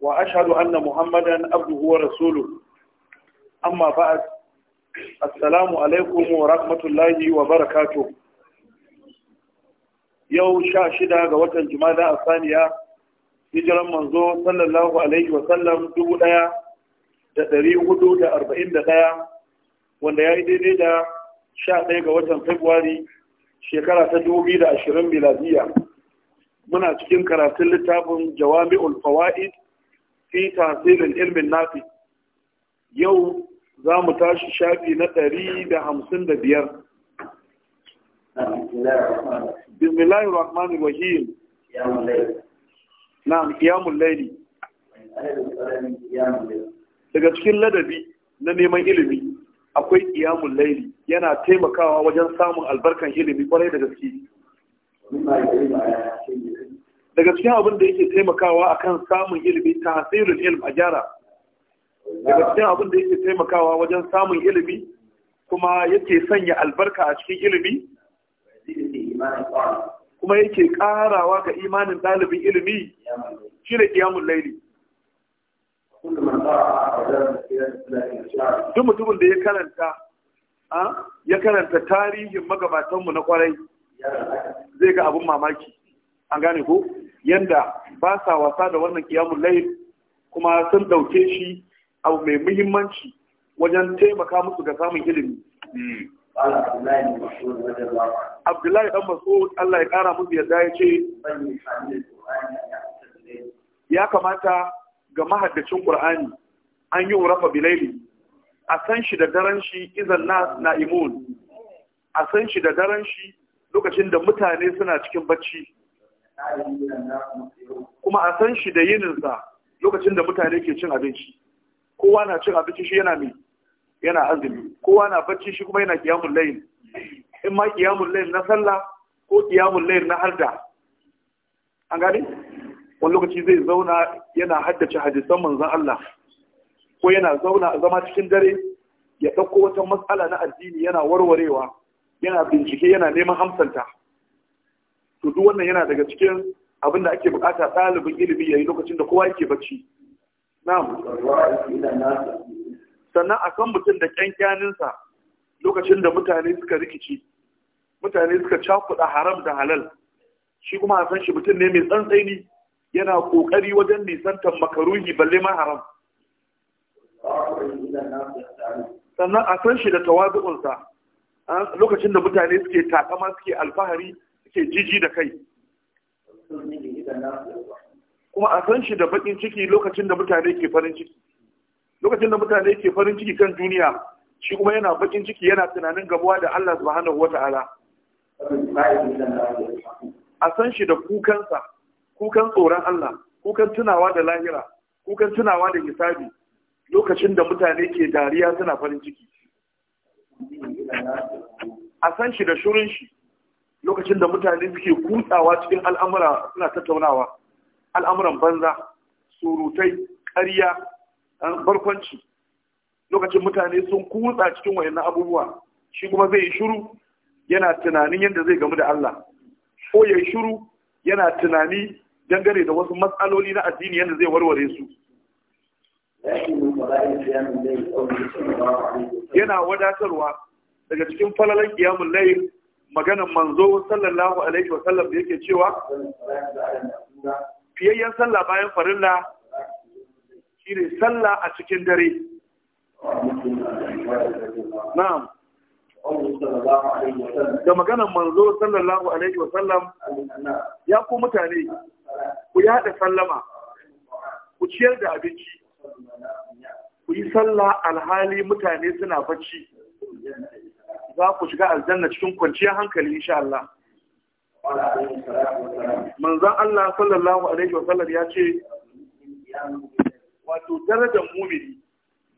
wa ashhadu anna muhammadan abduhu wa rasuluhu amma ba'd assalamu alaikum wa rahmatullahi wa barakatuh yau sha shida ga watan a Saniya, hijiran manzo sallallahu alaihi wa sallam dubu da da da hudu arba'in 1441 wanda ya yi daidai da sha 11 ga watan february shekara ta dubu da ashirin miladiya muna cikin karatun littafin jawami ul fawaid fi tasirin ilmin nafi yau za mu tashi shafi na ɗari da hamsin da biyar bismillahir rahmanir rahim na kiyamun laili daga cikin ladabi na neman ilimi akwai iyamun laili yana taimakawa wajen samun albarkan ilimi kwarai da gaske daga cikin abin da yake taimakawa akan samun ilimi ta hasirin ilm a gyara daga cikin abin da yake taimakawa wajen samun ilimi kuma yake sanya albarka a cikin ilimi kuma yake karawa ga imanin dalibin ilimi shi da kiyamun laili duk mutumin da ya karanta ya karanta tarihin magabatanmu na kwarai zai ga abin mamaki an gane ko yanda ba sa wasa da wannan kiyamun layin kuma sun ɗauke shi abu mai muhimmanci wajen taimaka musu ga samun ilimi. Abdullahi ɗan Mas'ud Allah ya kara musu yadda ya ce, ya kamata ga mahaddacin Ƙur'ani an yi rafa bilaili, a san shi da daren shi izan na na'imun, a san shi da daren shi lokacin da mutane suna cikin bacci. kuma a san shi da yininsa lokacin da mutane ke cin abinci kowa na cin abinci shi yana mai yana azumi kowa na bacci shi kuma yana kiyamun layin in ma kiyamun layin na sallah ko kiyamun layin na harda an gani wani lokaci zai zauna yana haddace hadisan manzan Allah ko yana zauna a zama cikin dare ya ɗauko wata matsala na addini yana warwarewa yana bincike yana neman hamsanta to duk wannan yana daga cikin abin da ake bukata ɗalibin ilimi yayi lokacin da kowa yake bacci na'am sannan akan mutum da kyankyaninsa lokacin da mutane suka rikici mutane suka cakuɗa haram da halal shi kuma a san shi mutum ne mai tsantsaini yana ƙoƙari wajen nisantar makaruhi balle ma haram sannan a san shi da tawazu'unsa lokacin da mutane suke takama suke alfahari suke jiji da kai kuma a san shi da bakin ciki lokacin da mutane ke farin ciki lokacin da mutane ke farin ciki kan duniya shi kuma yana bakin ciki yana tunanin gabuwa da Allah subhanahu wata'ala a san shi da kukansa kukan tsoron Allah kukan tunawa da lahira kukan tunawa da hisabi lokacin da mutane ke dariya suna farin ciki a san shi da shurin shi lokacin da mutane suke kutsawa cikin al'amura suna tattaunawa al'amuran banza surutai ƙarya barkwanci lokacin mutane sun kutsa cikin wayannan abubuwa shi kuma zai yi shiru yana tunanin yadda zai gamu da Allah ko ya yi shiru yana tunani dangane da wasu matsaloli na addini yadda zai warware su yana wadatarwa daga cikin falalan kiyamun layin maganan manzo sallallahu alaihi wa sallam da yake cewa fiyayyen sallah bayan farilla shine sallah a cikin dare na'am da maganan manzo sallallahu alaihi wa sallam ya ku mutane ku yada sallama ku ciyar da abinci ku yi sallah alhali mutane suna bacci za ku shiga aljanna cikin kwanciyar hankali insha Allah manzon Allah sallallahu alaihi wasallam ya ce wato darajar mumini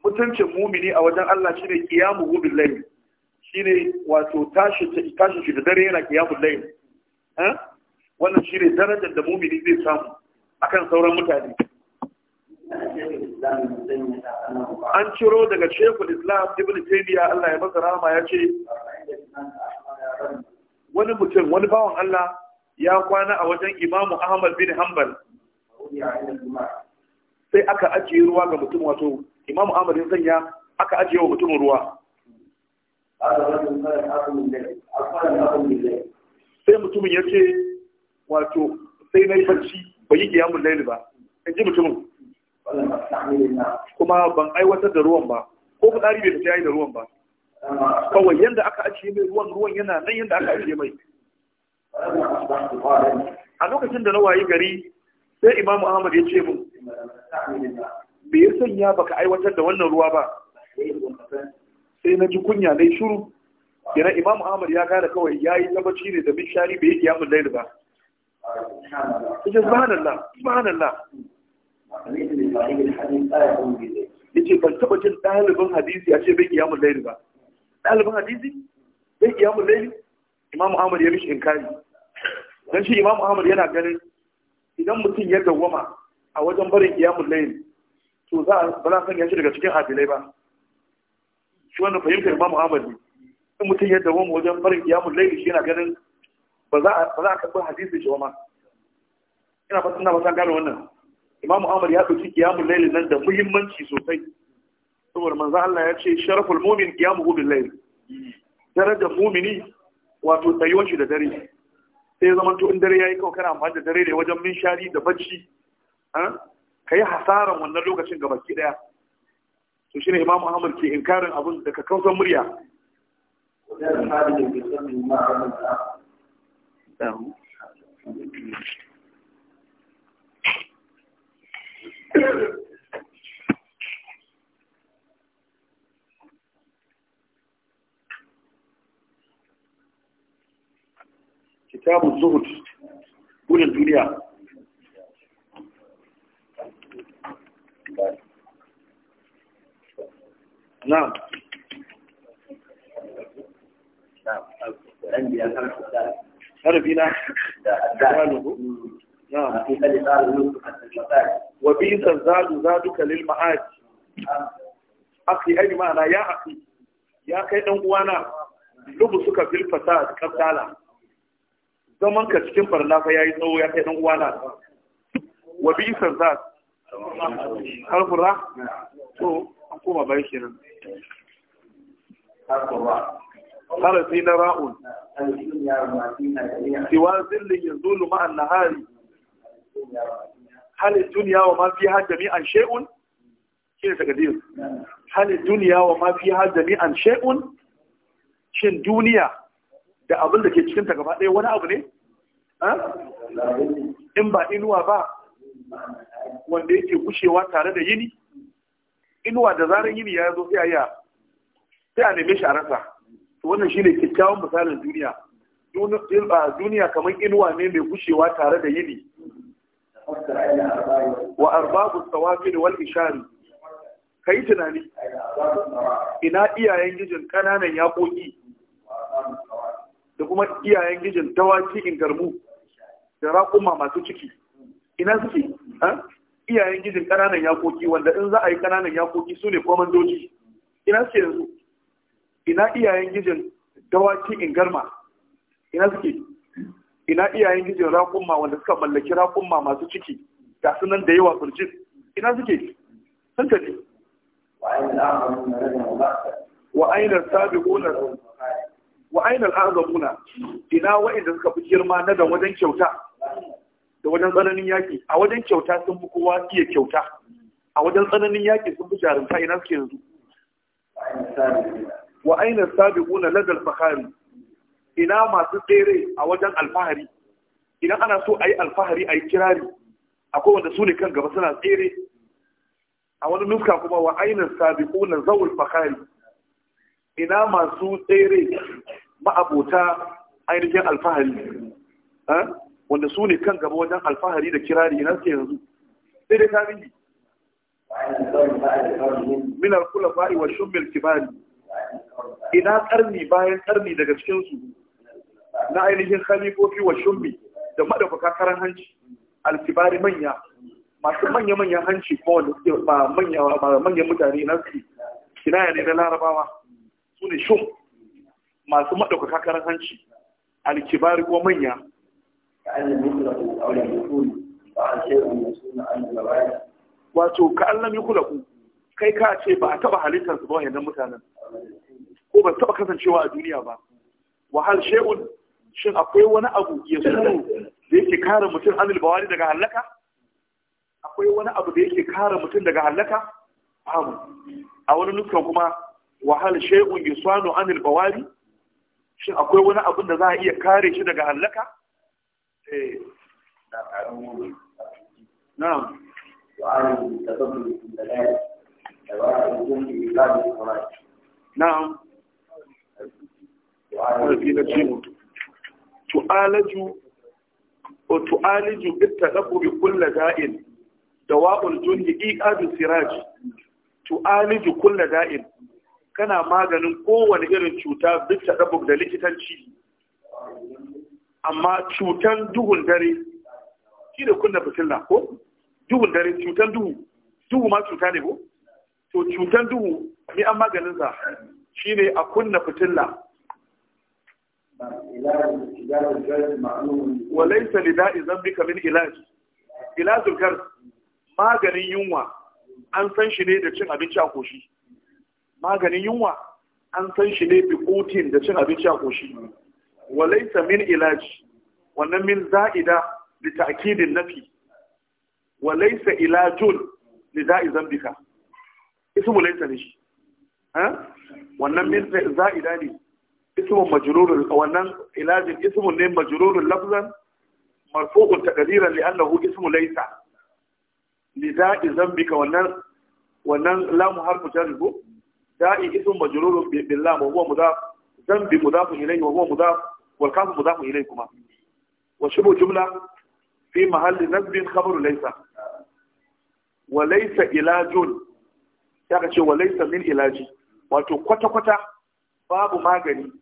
mutuncin mumini a wajen Allah shine qiyamu bil shi shine wato tashi tashi shi da dare yana ƙiyamun layl eh wannan shine darajar da mumini zai samu akan sauran mutane an ciro daga shekul islam ibn taymiya Allah ya masa rahama ya ce wani mutum wani bawan Allah ya kwana a wajen imamu ahmad bin hanbal sai aka ajiye ruwa ga mutum wato imamu ahmad ya sanya aka ajiye wa mutumin ruwa sai mutumin ya ce wato sai na yi barci bai yi kiyamun laili ba in ji mutumin kuma ban aiwatar da ruwan ba ko fitsari bai fita yayi da ruwan ba kawai yanda aka ajiye mai ruwan ruwan yana nan yanda aka ajiye mai a lokacin da na wayi gari sai imamu ahmad ya ce mun me ya sanya baka aiwatar da wannan ruwa ba sai na ji kunya dai shuru. yana imamu ahmad ya gane kawai ya yi tabbaci ne da bishari bai yi kiyamun laili ba subhanallah subhanallah ce ban taba jin ɗalibin hadisi a ce bai kiyamun laili ba ɗalibin hadisi bai kiyamun laili imam ahmad ya mishi inkari dan shi imam ahmad yana ganin idan mutum ya dawwama a wajen barin kiyamun laili to za a ba za sanya shi daga cikin adilai ba shi wannan fahimtar imam ahmad ne in mutum ya dawwama wajen barin kiyamun laili shi yana ganin ba za a karɓi hadisi shi ba ma ina fatan na fatan gane wannan imam Ahmad ya ɗauki qiyamul laili nan da muhimmanci sosai saboda manzo Allah ya ce sharaful mu'min qiyamuhu bil layl darajar mu'mini wato tsayuwar shi da dare sai zama to in dare yayi kawai kana amfani da dare ne wajen minshari da bacci ka yi hasaran wannan lokacin ga baki daya to shine imam Ahmad ke inkarin abin da ka kausa murya Thank you. kitabun zuhud gudun duniya na harafi na da نعم. وبيس الزاد زادك للمعاد أخي أي معنى يا أخي يا أخي كي أنوانا لبسك في الفساد كبتالا زمن كتكين فرنا فيا يسو يا كي أنوانا وبيس الزاد حرف الراء تو أقوم بايشنا حرف الراء قال فينا راء سوى ظل يزول مع النهار halin duniya wa mafi fi har jami'an shay'un shi ne takadir halin duniya wa mafi fi har jami'an shay'un shin duniya da abin da ke cikin ta gaba ɗaya wani abu ne in ba inuwa ba wanda yake gushewa tare da yini inuwa da zarar yini ya zo sai a sai a neme shi a rasa to wannan shine kyakkyawan misalin duniya duniya kamar inuwa ne mai gushewa tare da yini wa arbabu tsawafin wal ishari ka yi tunani ina iyayen gijin ƙananan yaƙoƙi da kuma iyayen gijin dawaki in garmu da raƙuma masu ciki ina suke iyayen gijin ƙananan yaƙoƙi wanda in za a yi ƙananan yaƙoƙi su ne komandoji ina suke yanzu ina iyayen gijin dawaki in garma ina suke ina iyayen gijin raƙumma wanda suka mallaki raƙumma masu ciki ga sunan da yawa burjin ina suke sun tafi wa ainihin sabiquna wa ainihin azabuna ina wa'inda suka fi girma na da wajen kyauta da wajen tsananin yaƙi a wajen kyauta sun fi kowa iya kyauta a wajen tsananin yaƙi sun fi jarumta ina suke yanzu wa ainihin sabiquna ladar fahari ina masu tsere a wajen alfahari idan ana so a yi alfahari a yi kirari akwai wanda su ne kan gaba suna tsere a wani nuska kuma wa ainihin sabiku na zawul fakari ina masu tsere ma'abota ainihin alfahari eh? wanda su ne kan gaba wajen alfahari da kirari ina suke yanzu sai dai tarihi min al-kulafa'i wa shumil kibari ina karni bayan karni daga cikinsu na ainihin khalifofi wa shumbi da madafaka karan hanci alkibari manya masu manya-manyan hanci ko manya manyan mutane na su kinaya ne na larabawa su ne shum masu madafaka karan hanci alkibari ko manya wato ka allon yi kula ku kai ka ce ba a taba halittar su ba wayannan mutanen ko ba taba kasancewa a duniya ba wahal shay'un shin akwai wani abu ya suru da yake kare mutum anil bawari daga halaka akwai wani abu da yake kare mutum daga halaka babu a wani nufin kuma wahal shay'un yusanu anil bawari shin akwai wani abu da za a iya kare shi daga halaka eh na'am na'am tu'alaju wa tu'aliju bittaqu bi kulli da'in dawa'ul jundi iqadu siraji tu'aliju kulli da'in kana maganin kowane irin cuta bittaqu da likitanci amma cutan duhun dare shi da kunna fitilla ko duhun dare cutan duhu duhu ma cuta ne ko to cutan duhu ni an maganin sa shine a kunna fitilla walaisa izan bika min ilaji ilajul kar maganin yunwa an san shi ne da cin abinci a koshi maganin yunwa an san shi ne bi kotin da cin abinci a koshi walaisa min ilaji wannan min za'ida bi ta'kidin nafi walaisa lida izan bika. ismu laisa ne shi wannan min za'ida ne ismun majrurun wannan ilajin ismun ne lafzan marfu'un taqdiran li annahu ismu laysa lida'i zambika wannan wannan lamu harfu jar ko da'i ismun majrurun bil lam wa huwa mudaf zambi mudaf ilayhi wa huwa mudaf wal kafu mudaf ilayhi kuma wa shubu jumla fi mahalli nasbin khabaru laysa wa laysa ilajun ya ka ce wa laysa wato kwata-kwata babu magani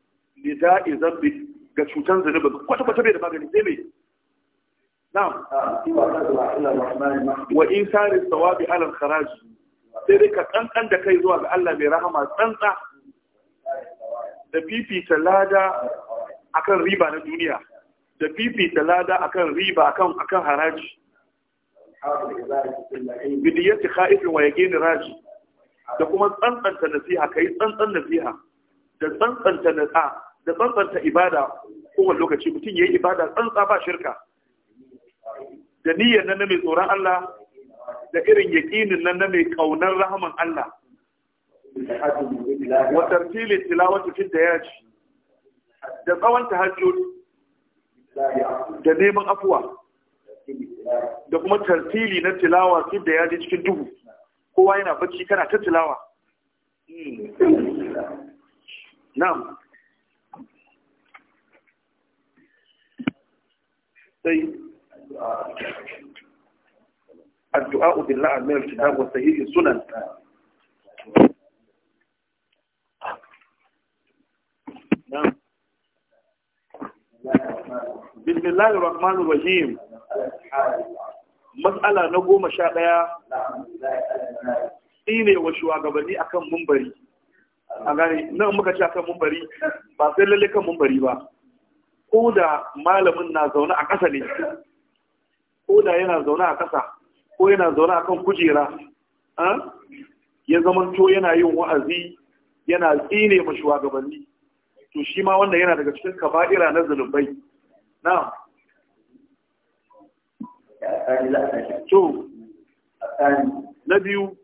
lida'i zambi ga cutan zunubi kwata kwata bai da magani sai mai na'am wa in sari sawabi alal kharaj sai dai ka kankan da kai zuwa ga Allah mai rahama tsantsa da fifita lada akan riba na duniya da fifita lada akan riba akan akan haraji bidiyati khaifin wa yaqin raji da kuma tsantsanta nasiha kai tsantsan nasiha da tsantsanta natsa da tsantsanta ibada kowane lokaci mutum ya yi ibada tsantsa ba shirka da niyyar nan na mai tsoron Allah da irin yaƙinin nan na mai ƙaunar rahaman Allah wa tartilin tilawatu fi da yaji da tsawon tahajjud da neman afuwa da kuma tartili na tilawa fi da yaji cikin duhu kowa yana bacci kana ta tilawa hmm. na'am sai addu'a bin la'an mai kitab wa sahihi sunan بسم الله الرحمن الرحيم مسألة نقوم شاء لها إيني وشواغبني أكم منبري a gane nan muka ci akan mumbari ba sai lalle kan mumbari ba ko da malamin na zaune a ƙasa ne ko da yana zaune a ƙasa ko yana zaune a kan kujera ya zamanto yana yin wa'azi yana tsine ma shugabanni to shi ma wanda yana daga cikin kaba'ira na zunubai na to na biyu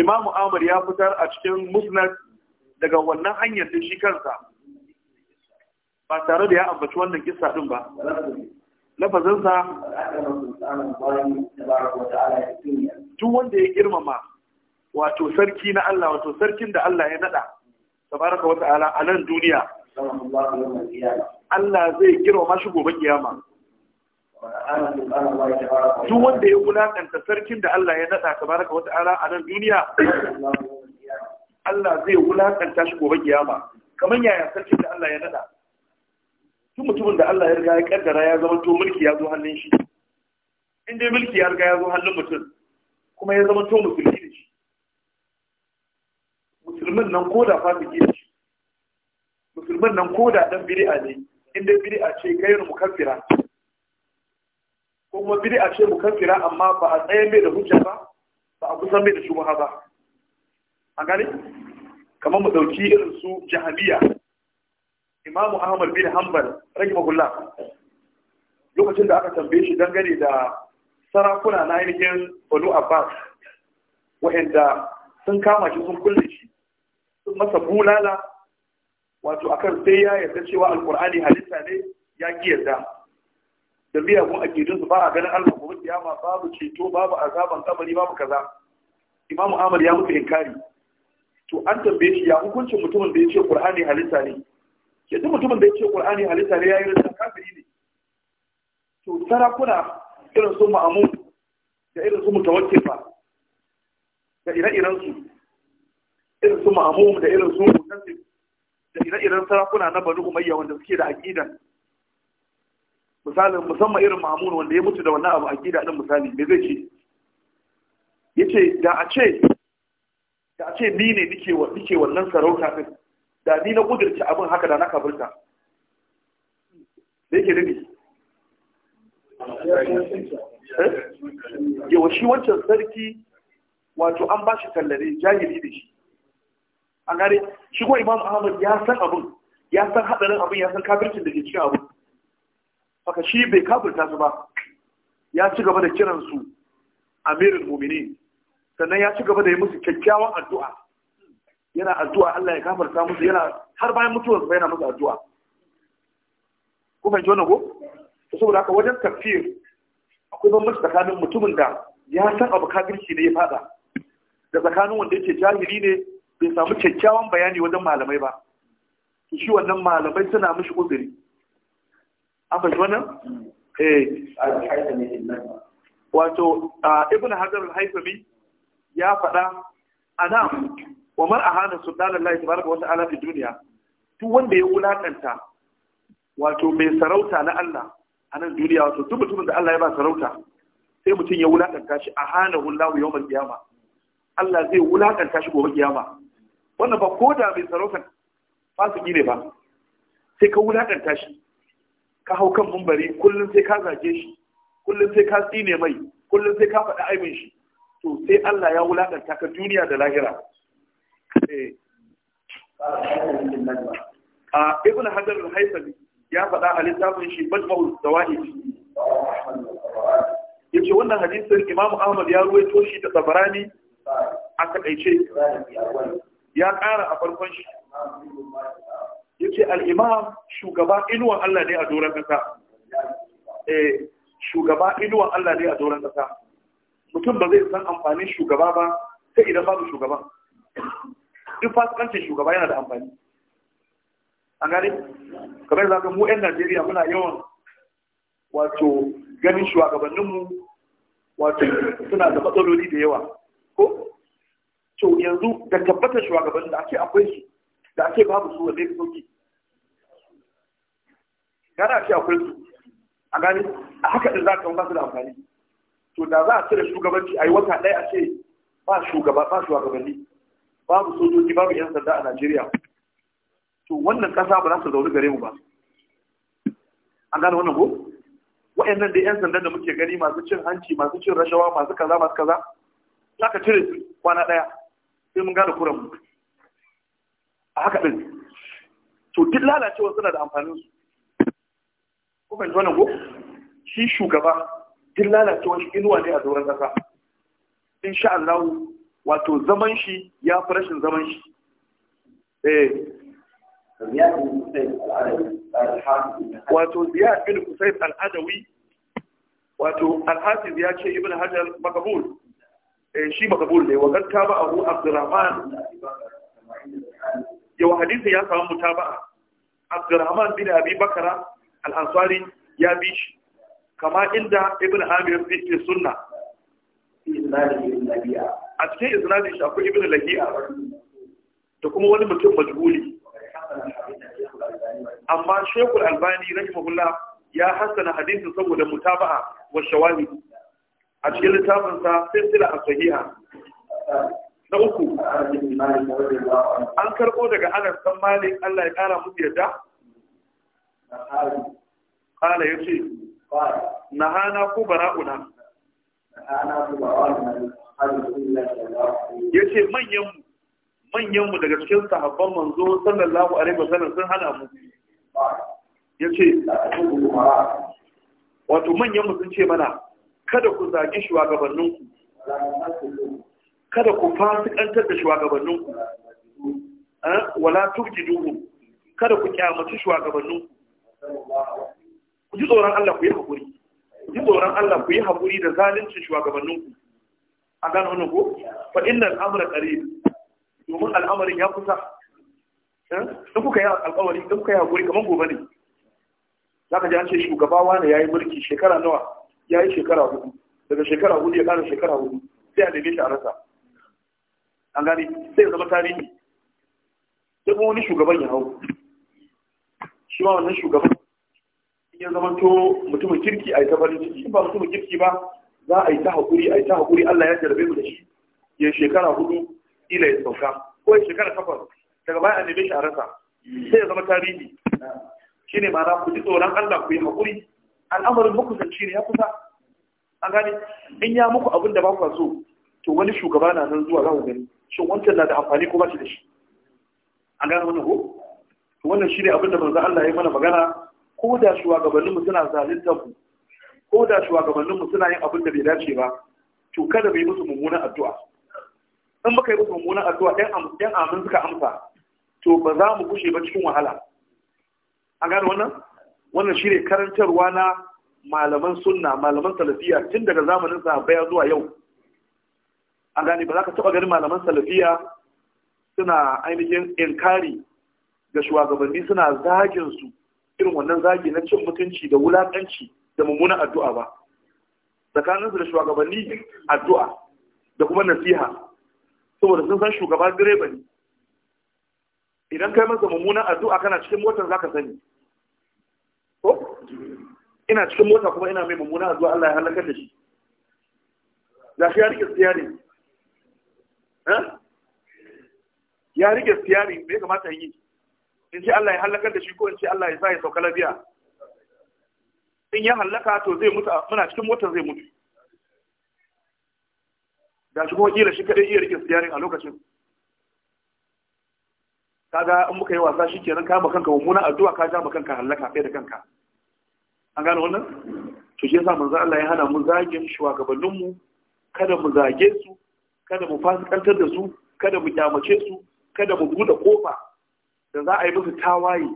Imam Amr ya fitar a cikin Musnad daga wannan hanyar da shi kansa ba tare da ya ambaci wannan kissa din ba lafazinsa Tun wanda ya girmama wato sarki na Allah wato sarkin da Allah ya nada tabaraka wa ta'ala a nan duniya Allah zai girmama shi gobe kiyama duk wanda ya wulaƙanta sarkin da Allah ya ta baraka wata ara a nan duniya Allah zai wulaƙanta shi gobe kiyama kamar yaya sarkin da Allah ya nada tun mutumin da Allah ya riga ya kaddara ya zama to mulki ya zo hannun shi in dai mulki ya riga ya zo hannun mutum kuma ya zama to musulmi da shi musulmin nan ko da fasiki da shi musulmin nan ko da dan bid'a ne in dai bid'a ce gairu mukaffira ko kuma a ce mu kafira amma ba a tsaye mai da hujja ba ba a kusan mai da shubha ba an gani kamar mu dauki irin su jahabiya imamu ahmad bin hanbal mahulla lokacin da aka tambaye shi dangane da sarakuna na ainihin banu abbas wa'anda sun kama shi sun kulle shi sun masa bulala wato akan sai ya yarda cewa alkur'ani halitta ne ya ki yarda da miyagun akidunsu ba a ganin Allah gobe kiyama babu ceto babu azaban kabari babu kaza Imam Ahmad ya mutu inkari to an tambaye shi ya hukuncin mutumin da ya ce Qur'ani halitta ne ke duk mutumin da ya ce Qur'ani halitta ne yayin da kafiri ne to sarakuna irin su ma'amun da irin su Mutawakkifa da ire-iren su irin su ma'amun da irin su Mutasim da ire-iren sarakuna na Banu Umayya wanda suke da aqidan Misali, musamman irin mamun wanda ya mutu da wannan abu a gida ɗin misali me zai ce ce da a ce da a ce ni ne nike wannan sarauta ɗin da ni na ƙudurci abin haka da na kafirta da yake nufi eh? yawa shi wancan sarki wato an ba shi tallare jahili da shi an gare, shi kuma imam ahmad ya san abin ya san haɗarin abin ya san kafircin da ke cikin abin Baka shi bai kafirta su ba ya ci gaba da kiransu amirul mumini sannan ya ci gaba da yi musu kyakkyawan addu'a yana addu'a Allah ya kafirta musu yana har bayan mutuwar ba yana musu addu'a ku fahimci wannan ko saboda haka wajen tafsir akwai bambanci tsakanin mutumin da ya san abu kafirci ne ya fada da tsakanin wanda yake jahili ne bai samu kyakkyawan bayani wajen malamai ba shi wannan malamai suna mishi uzuri an fahimci wannan eh. wato ibn hajar al-haythami ya faɗa anam wa man ahana sultan Allah tabaraka wa ta'ala fi duniya duk wanda ya wulakanta wato mai sarauta na Allah a nan duniya wato duk mutumin da Allah ya ba sarauta sai mutum ya wulakanta shi ahana hullahu yawmal qiyama Allah zai wulakanta shi gobe kiyama wannan ba ko da mai sarauta fasiki ne ba sai ka wulakanta shi ka hau kan mumbari kullum sai ka zage shi kullum sai ka tsine mai kullum sai ka faɗi aibin shi to sai Allah ya wulaƙanta ka duniya da lahira eh. a ibn hajar al ya faɗa a littafin shi majma'ul zawahid yace wannan hadisin imamu ahmad ya ruwaito shi da tabarani a takaice ya ƙara a farkon shi yace al-imam shugaba inuwan Allah ne a doran kasa eh shugaba inuwan Allah ne a doran kasa mutum ba zai san amfanin shugaba ba sai idan babu shugaba duk fasikancin shugaba yana da amfani an gane kamar zaka mu 'yan Najeriya muna yawan wato ganin mu wato suna da matsaloli da yawa ko to yanzu da tabbatar shugabannin da ake akwai su da ake babu su wanda ya sauki gana ce akwai su a gani a haka din za ka ba su da amfani to da za a cire shugabanci a yi wata ɗaya a ce ba shugaba ba shugabanni babu sojoji babu yan sanda a Najeriya to wannan ƙasa ba za su zaune gare mu ba A gane wannan ko wa'annan da yan sandan da muke gani masu cin hanci masu cin rashawa masu kaza masu kaza za ka cire su kwana ɗaya sai mun gane kuran mu a haka din to duk lalacewa suna da amfanin su ko fahimci wannan ko shi shugaba duk lalacewa shi inuwa ne a doron kasa sha Allah wato zaman shi ya fi rashin zaman shi eh wato ziyad bin al wato al ya ce ibn hajar makabul eh, shi makabul ne wa ba a abu abdurrahman yau hadisin ya samu mutaba'a abdurrahman bin abi bakara al-ansari ya bi shi kama inda ibn amir fi sunna a cikin isnadin shi akwai ibn lahiya da kuma wani mutum majhuli amma shekul albani rahimahullah ya hassana hadisin saboda mutaba'a wa Shawani, a cikin littafinsa sai sila a sahiha na uku an karɓo daga anas dan malik Allah ya ƙara musu yadda kala ya ce na hana ku bara'una ya ce manyanmu manyanmu daga cikin sahabban manzo sallallahu alaihi wasallam sun hana mu ya ce wato manyanmu sun ce mana kada ku zagi shugabanninku kada ku fasikantar da shugabanninku eh, wala tufjiduhum kada ku kyamatu shugabanninku ku ji tsoron Allah ku yi hakuri ku ji tsoron Allah ku yi hakuri da zaluncin shugabanninku a gan wannan ko fa inna al-amra qarib domin al'amarin ya kusa eh, in kuka yi alƙawari in kuka yi hakuri kamar gobe ne zaka ji an ce shugaba wani yayi mulki shekara nawa yayi shekara hudu daga shekara hudu ya ƙara shekara hudu sai a neme shi a rasa an gani sai ya zama tarihi sai kuma wani shugaban ya hau shi ma wannan shugaban ya zama to mutumin kirki a yi ta farin ciki in ba mutumin kirki ba za a yi ta haƙuri a yi ta haƙuri Allah ya jarabe mu da shi ya shekara hudu ila ya sauka ko ya shekara takwas daga baya a neme shi a rasa sai ya zama tarihi shine ma'ana ku ji tsoron Allah ku yi haƙuri al'amarin muku zance ne ya kusa an gani in ya muku abin da ba ku so to wani shugaba na nan zuwa za ku gani shin wancan na da amfani ko ba shi da shi A gane wannan ko to wannan shi ne abinda manzo Allah ya mana magana ko da shugabannin mu suna zalunta ku ko da shugabannin mu suna yin abin da bai dace ba to kada bai musu mummunan addu'a in baka yi musu mummunan addu'a ɗan amin suka amsa to ba za mu kushe ba cikin wahala A gane wannan wannan shi ne karantarwa na malaman sunna malaman salafiya tun daga zamanin sahabbai zuwa yau an gani ba za ka taɓa ganin malaman salafiya suna ainihin inkari ga shugabanni suna zagin su irin wannan zagi na cin mutunci da wulaƙanci da mummunan addu'a ba tsakaninsu da shugabanni addu'a da kuma nasiha saboda sun san shugaba direba ne idan kai masa mummunan addu'a kana cikin motar zaka sani ko ina cikin mota kuma ina mai mummunan addu'a Allah ya halaka da shi gashi ya rike tsiyari ya rike siyari bai kamata yi in ce Allah ya halakar da shi ko in ce Allah ya sa ya sauka labiya in ya halaka to zai mutu muna cikin mota zai mutu da shi kuma kila shi kadai iya rike siyari a lokacin kaga in muka yi wasa shi kenan ka ma kanka mummunan addu'a ka ja ma kanka halaka kai da kanka an gane wannan to shi yasa manzo Allah ya hana mu zagin shugabanninmu kada mu zage su kada mu fasikantar da su kada mu kyamace su kada mu buɗe kofa da za a yi musu tawaye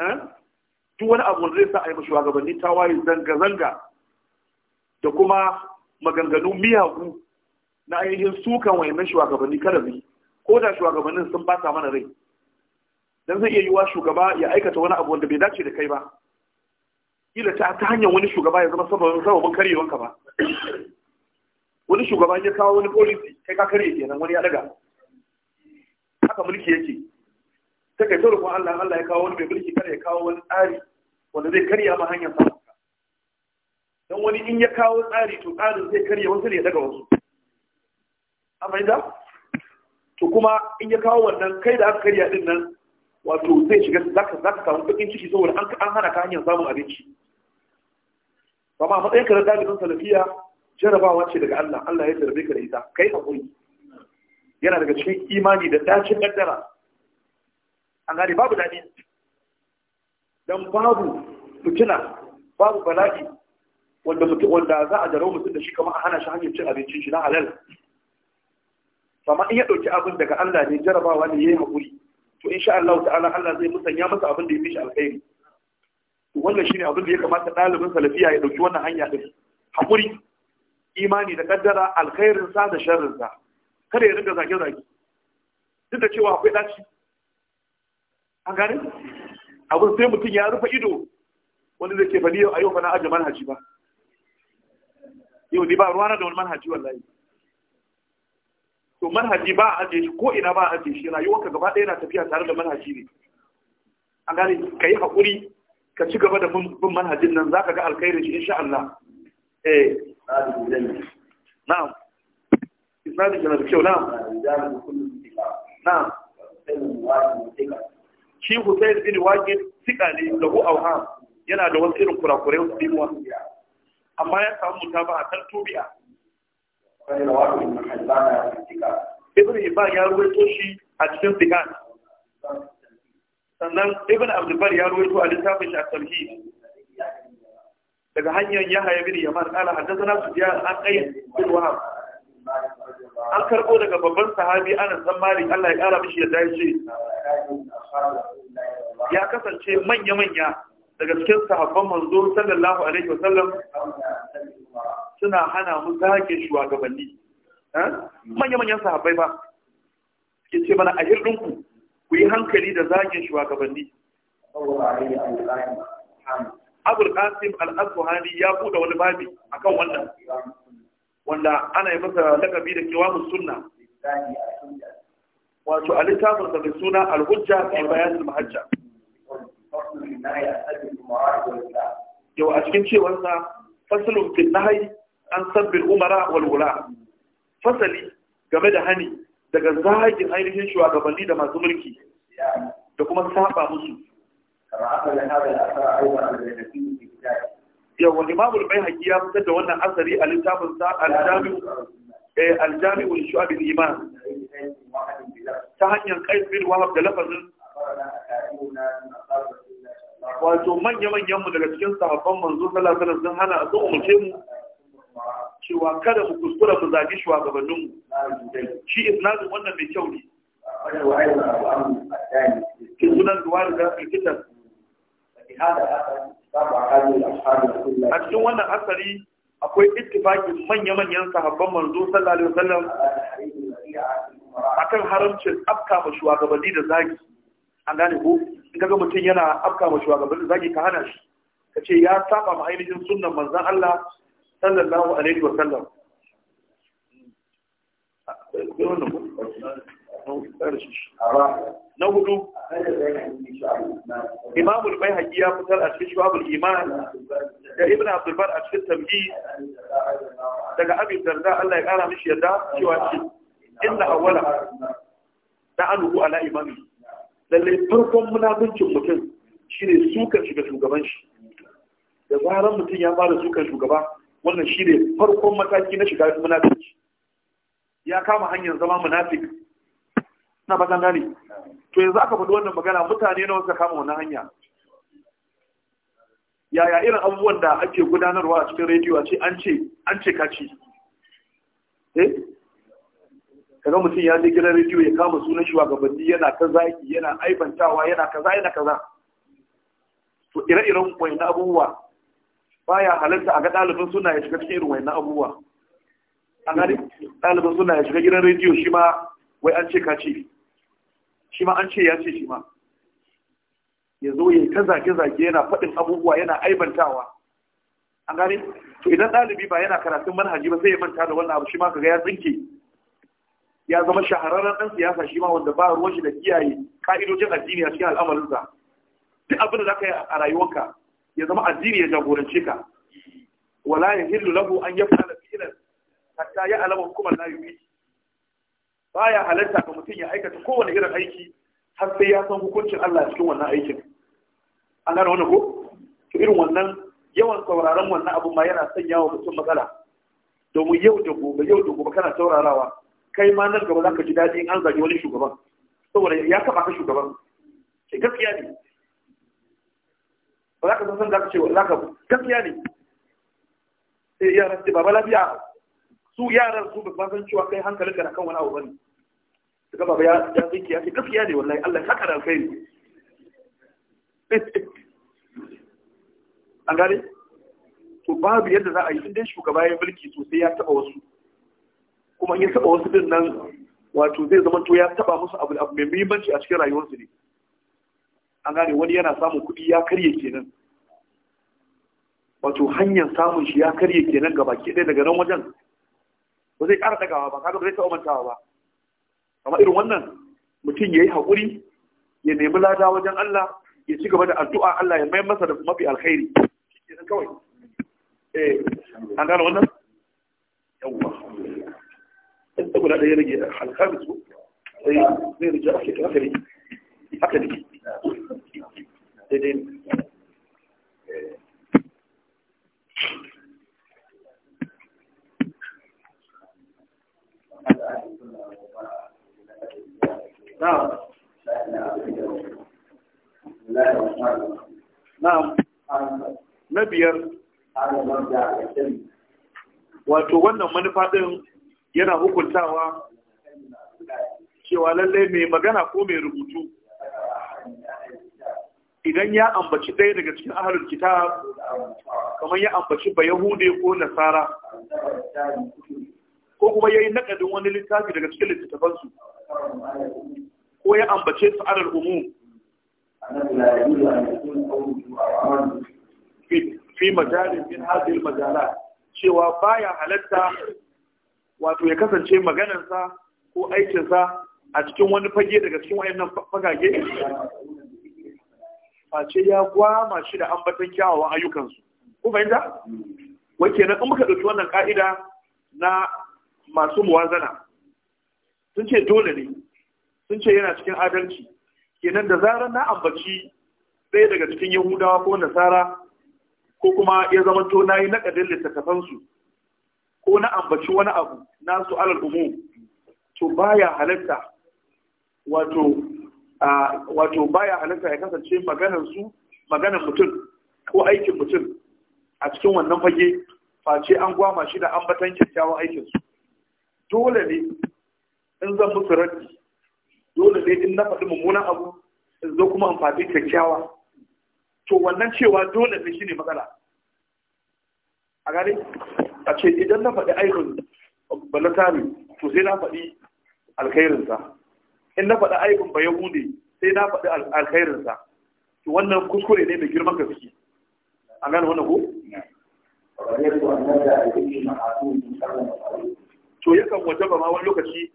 eh? duk wani abu zai sa a yi mashi shugabanni tawaye zanga-zanga da kuma maganganu miyagu na ainihin sukan wayannan shugabanni kada bi ko da shugabannin sun bata mana rai dan zai iya yiwa shugaba ya aikata wani abu wanda bai dace da kai ba kila ta ta hanyar wani shugaba ya zama sababin karyewanka ba wani shugaba ya kawo wani polisi kai ka kare kenan wani ya daga haka mulki yake ta kai tsoro kuma Allah Allah ya kawo wani mai mulki kare ya kawo wani tsari wanda zai karya ma hanyar samun ka dan wani in ya kawo tsari to tsarin zai karya wasu ne ya daga wasu an fahimta to kuma in ya kawo wannan kai da aka karya din nan wato zai shiga zaka zaka samu bakin ciki saboda an hana ka hanyar samun abinci amma matsayin ka da dalibin salafiya jarabawa ce daga Allah Allah ya jarabe ka da ita kai hakuri yana daga cikin imani da dacin kaddara an gane babu dadi dan babu fitina babu bala'i wanda wanda za a jarau mutum da shi kamar a hana shi hanyar cin abincin shi na halal amma in ya dauki abin daga Allah ne jarabawa ne yayi hakuri to insha Allah ta'ala Allah zai musanya masa abin da ya fi shi alkhairi wannan shine abin da ya kamata ɗalibin salafiya ya dauki wannan hanya din hakuri imani da kaddara sa da sa kada ya rinka zage-zage duk da cewa akwai ɗaci an gane abu sai mutum ya rufe ido wani zai ke fa yau a yau fa na aje manhaji ba yau ni ba ruwa na da wani manhaji wallahi to manhaji ba a aje shi ko ina ba a aje shi rayuwarka gaba ɗaya na tafiya tare da manhaji ne an gane ka yi haƙuri ka ci gaba da bin manhajin nan za ka ga alkhairin shi insha Allah eh na'am isnadin yana da kyau na'am na'am shi Hussein bin Waqid tika ne da hu auham yana da wasu irin kurakurai su dimuwa amma ya samu mutaba a kan tubi'a Ibn Hibban ya ruwaito shi a cikin Sigan sannan Ibn Abdul Bar ya ruwaito a littafin shi a Tarhib daga hanyar yahaya bin yaman ala su biya an qayyim bin wahab an karbo daga babban sahabi ana san malik Allah ya kara mishi yadda ya ce ya kasance manya manya daga cikin sahabban manzo sallallahu alaihi wasallam suna hana mu zage shugabanni manya manyan sahabbai ba ke ce mana a hirdinku ku yi hankali da zagin shugabanni abul qasim al-asfahani ya buɗe wani babi akan wannan wanda ana yi masa lakabi da kiwamu sunna wato a littafin da mai suna alhujja hujja fi bayan mahajja yau a cikin cewarsa fasalun fil nahyi an sabbin umara wal wula fasali game da hani daga zagin ainihin shugabanni da masu mulki da kuma saba musu yawon imamu mai haƙi ya fitar da wannan asari a littafinsa aljami'ul shu'abin iman ta hanyar ƙaifin wahab da lafazin wato manya-manyanmu daga cikin sahabban manzo salatunan sun hana a tsohon mace mu cewa kada mu kuskura mu zaɓi shugabanninmu shi islamin wannan mai kyau ne ke sunan duwar da kirkitar a cikin wannan asari akwai ittifakin manya-manyan sahabban manzo sallallahu alaihi wasallam akan haramcin afka ma shugabanni da zagi an gane ko in kaga mutum yana afka ma shugabanni da zagi ka hana shi ka ce ya saba ma ainihin sunnan manzon Allah sallallahu alaihi wasallam na hudu imam al-bayhaqi ya fitar a cikin shu'abul iman da ibn abdul a cikin tamhi daga abi darda Allah ya kara mishi yadda cewa shi inna awwala da'aluhu ala imami Lallai farkon munafincin mutum shi ne sukan shiga shugaban shi da zaran mutum ya fara sukan shugaba wannan shi ne farkon mataki na shiga munafinci ya kama hanyar zama munafik na ba ne. to yanzu aka faɗi wannan magana mutane nawa suka kama wannan hanya yaya irin abubuwan da ake gudanarwa a cikin rediyo a ce an ce an ce kaci eh kaga mutum ya je gidan rediyo ya kama sunan gabanni yana ta zaki yana aibantawa yana kaza yana kaza to ire-iren wayannan abubuwa baya halarta a ga ɗalibin suna ya shiga cikin irin wayannan abubuwa a gani ɗalibin suna ya shiga gidan rediyo shi ma wai an ce kaci shi ma an ce ya ce shi ma ya zo ya ta zage-zage yana faɗin abubuwa yana aibantawa an gane to idan ɗalibi ba yana karatun manhaji ba sai ya manta da wannan abu shi ma kaga ya tsinke ya zama shahararren ɗan siyasa shi ma wanda ba ruwan shi da kiyaye ka'idojin addini a cikin al'amarinsa duk abin da zaka yi a rayuwarka ya zama addini ya jagorance ka wala ya hillu lahu an da fi'lan hatta ya hukuman hukumar yubi baya halarta ga mutum ya aikata kowane irin aiki har sai ya san hukuncin Allah cikin wannan aikin an gane wannan ko to irin wannan yawan sauraron wannan abu ma yana sanya wa mutum matsala domin yau da gobe yau da gobe kana saurarawa kai ma nan gaba zaka ji dadi in an zage wani shugaban saboda ya taba ka shugaban sai gaskiya ne ba za ka san zaka ce za ka gaskiya ne sai eh, iya ce baba lafiya su yaran su ba san cewa kai hankalin ka na kan wani abu bane Daga baba ya ya tsinki ya ce gaskiya ne wallahi Allah haka da alkhairi an gane to babu yadda za a yi dai shugaba ya mulki sosai ya taba wasu kuma in ya taba wasu din nan wato zai zama to ya taba musu abu abu mai muhimmanci a cikin rayuwarsu ne an gane wani yana samun kuɗi ya karye kenan wato hanyar samun shi ya karye kenan gaba ke ɗaya daga nan wajen ba zai ƙara ɗagawa ba kaga ba zai taɓa mantawa ba amma irin wannan mutum ya yi haƙuri ya nemi lada wajen Allah ya ci gaba da addu'a Allah ya mai masa da mafi alkhairi shi kawai eh an gano wannan yawwa in ta guda ɗaya rage alkhamis ko sai zai rage ake kira kare haka ne daidai eh. نعم na biyar wato wannan manufa ɗin yana hukuntawa cewa lallai mai magana ko mai rubutu idan ya ambaci ɗaya daga cikin ahalul kita kamar ya ambaci ba yahude ko nasara ko kuma ya yi naƙadin wani littafi daga cikin littattafansu ko ya ambace su alal umu fi majalin min hadhihi majalat cewa baya halatta wato ya kasance maganarsa ko aikinsa a cikin wani fage daga cikin wayannan fagage face ya gwama shi da ambatan kyawawan ayyukansu ku fahimta wai kenan in muka ɗauki wannan ka'ida na masu muwazana sun ce dole ne sun ce yana cikin adalci kenan da zarar na ambaci ɗaya daga cikin yahudawa ko nasara ko kuma ya zama to na yi naƙadin littattafansu ko na ambaci wani abu su alal umu to baya halatta wato wato baya halatta ya kasance maganar su maganar mutum ko aikin mutum a cikin wannan fage face an gwama shi da ambatan kyakkyawan aikinsu dole ne in zan musu raddi dole sai in na faɗi mummunan abu in zo kuma amfani kyakkyawa to wannan cewa dole ne shine matsala a gane a ce idan na faɗi aikin balatari to sai na faɗi alkhairinsa in na faɗi aikin ba yahudi sai na faɗi alkhairinsa to wannan kuskure ne mai girman gaske a gane wannan ko to yakan wajaba ma wani lokaci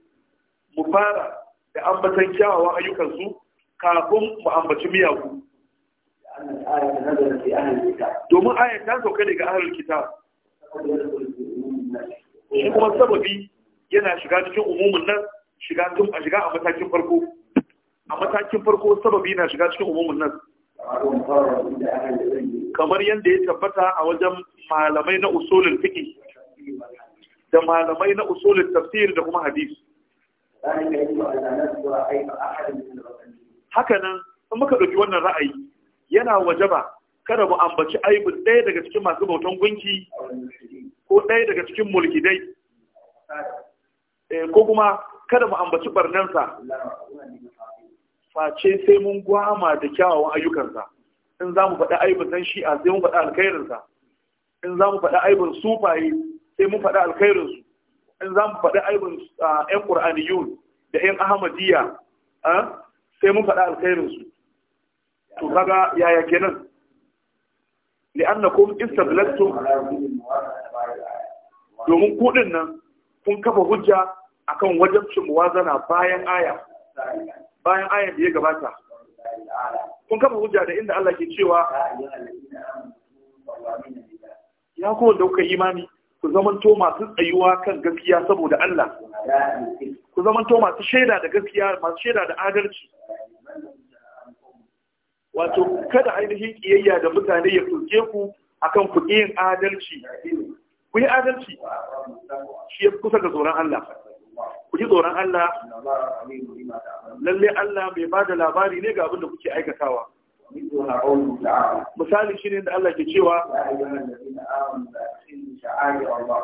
mu fara da ambatan kyawawan ayyukansu kafin mu ambaci miyagu domin ayat ta sauka daga ahalar kita. shi kuma sababi yana shiga cikin umumin nan shiga tun a shiga a matakin farko a matakin farko sababi na shiga cikin umumin nan kamar yadda ya tabbata a wajen malamai na usulun fiqh da malamai na usulun tafsir da kuma hadisi haka nan in muka ɗauki wannan ra'ayi yana wajaba kada mu ambaci aibin ɗaya daga cikin masu bautan gunki ko ɗaya daga cikin mulkidai eh, ko kuma kada mu ambaci barnansa face sai mun gwama da kyawawan ayyukansa in za mu faɗi aibin ɗan shi'a sai mun faɗi alkhairinsa in za mu faɗi aibin sufaye sai mun faɗi alkhairinsu in za mu faɗi aibin ƴan ƙur'aniyun da ƴan ahmadiyya sai mun faɗi alkhairinsu to kaga yaya kenan li'annakum istablastum domin kuɗin nan kun kafa hujja akan wajabcin muwazana bayan aya bayan aya da ya gabata kun kafa hujja da inda Allah ke cewa ya kowanne kuka imani ku zamanto masu tsayuwa kan gaskiya saboda Allah ku zamanto masu shaida da gaskiya masu shaida da adalci wato kada ainihin kiyayya da mutane ya turke ku akan ku yin adalci ku yi adalci shi ya kusa ga tsoron Allah ku ji tsoron Allah lalle Allah mai ba da labari ne ga abin da kuke aikatawa misali shi ne da Allah ke cewa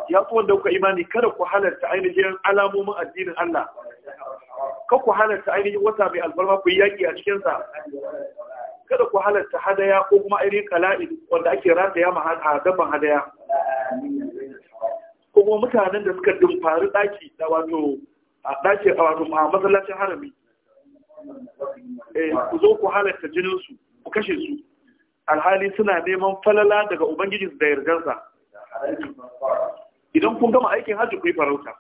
ya ku wanda kuka imani kada ku halarta ainihin alamomin addinin Allah ka ku halarta ainihin wata mai alfarma ku yi yaƙi a cikinsa kada ku halarta hadaya ko kuma ainihin kala'i wanda ake rataya a daban hadaya kuma mutanen da suka dumfari ɗaki da wato a ɗaki a wato masallacin harami eh, ku zo ku halarta jininsu ku kashe su alhali suna neman falala daga ubangiji da yardarsa idan kun gama aikin hajji ku yi farauta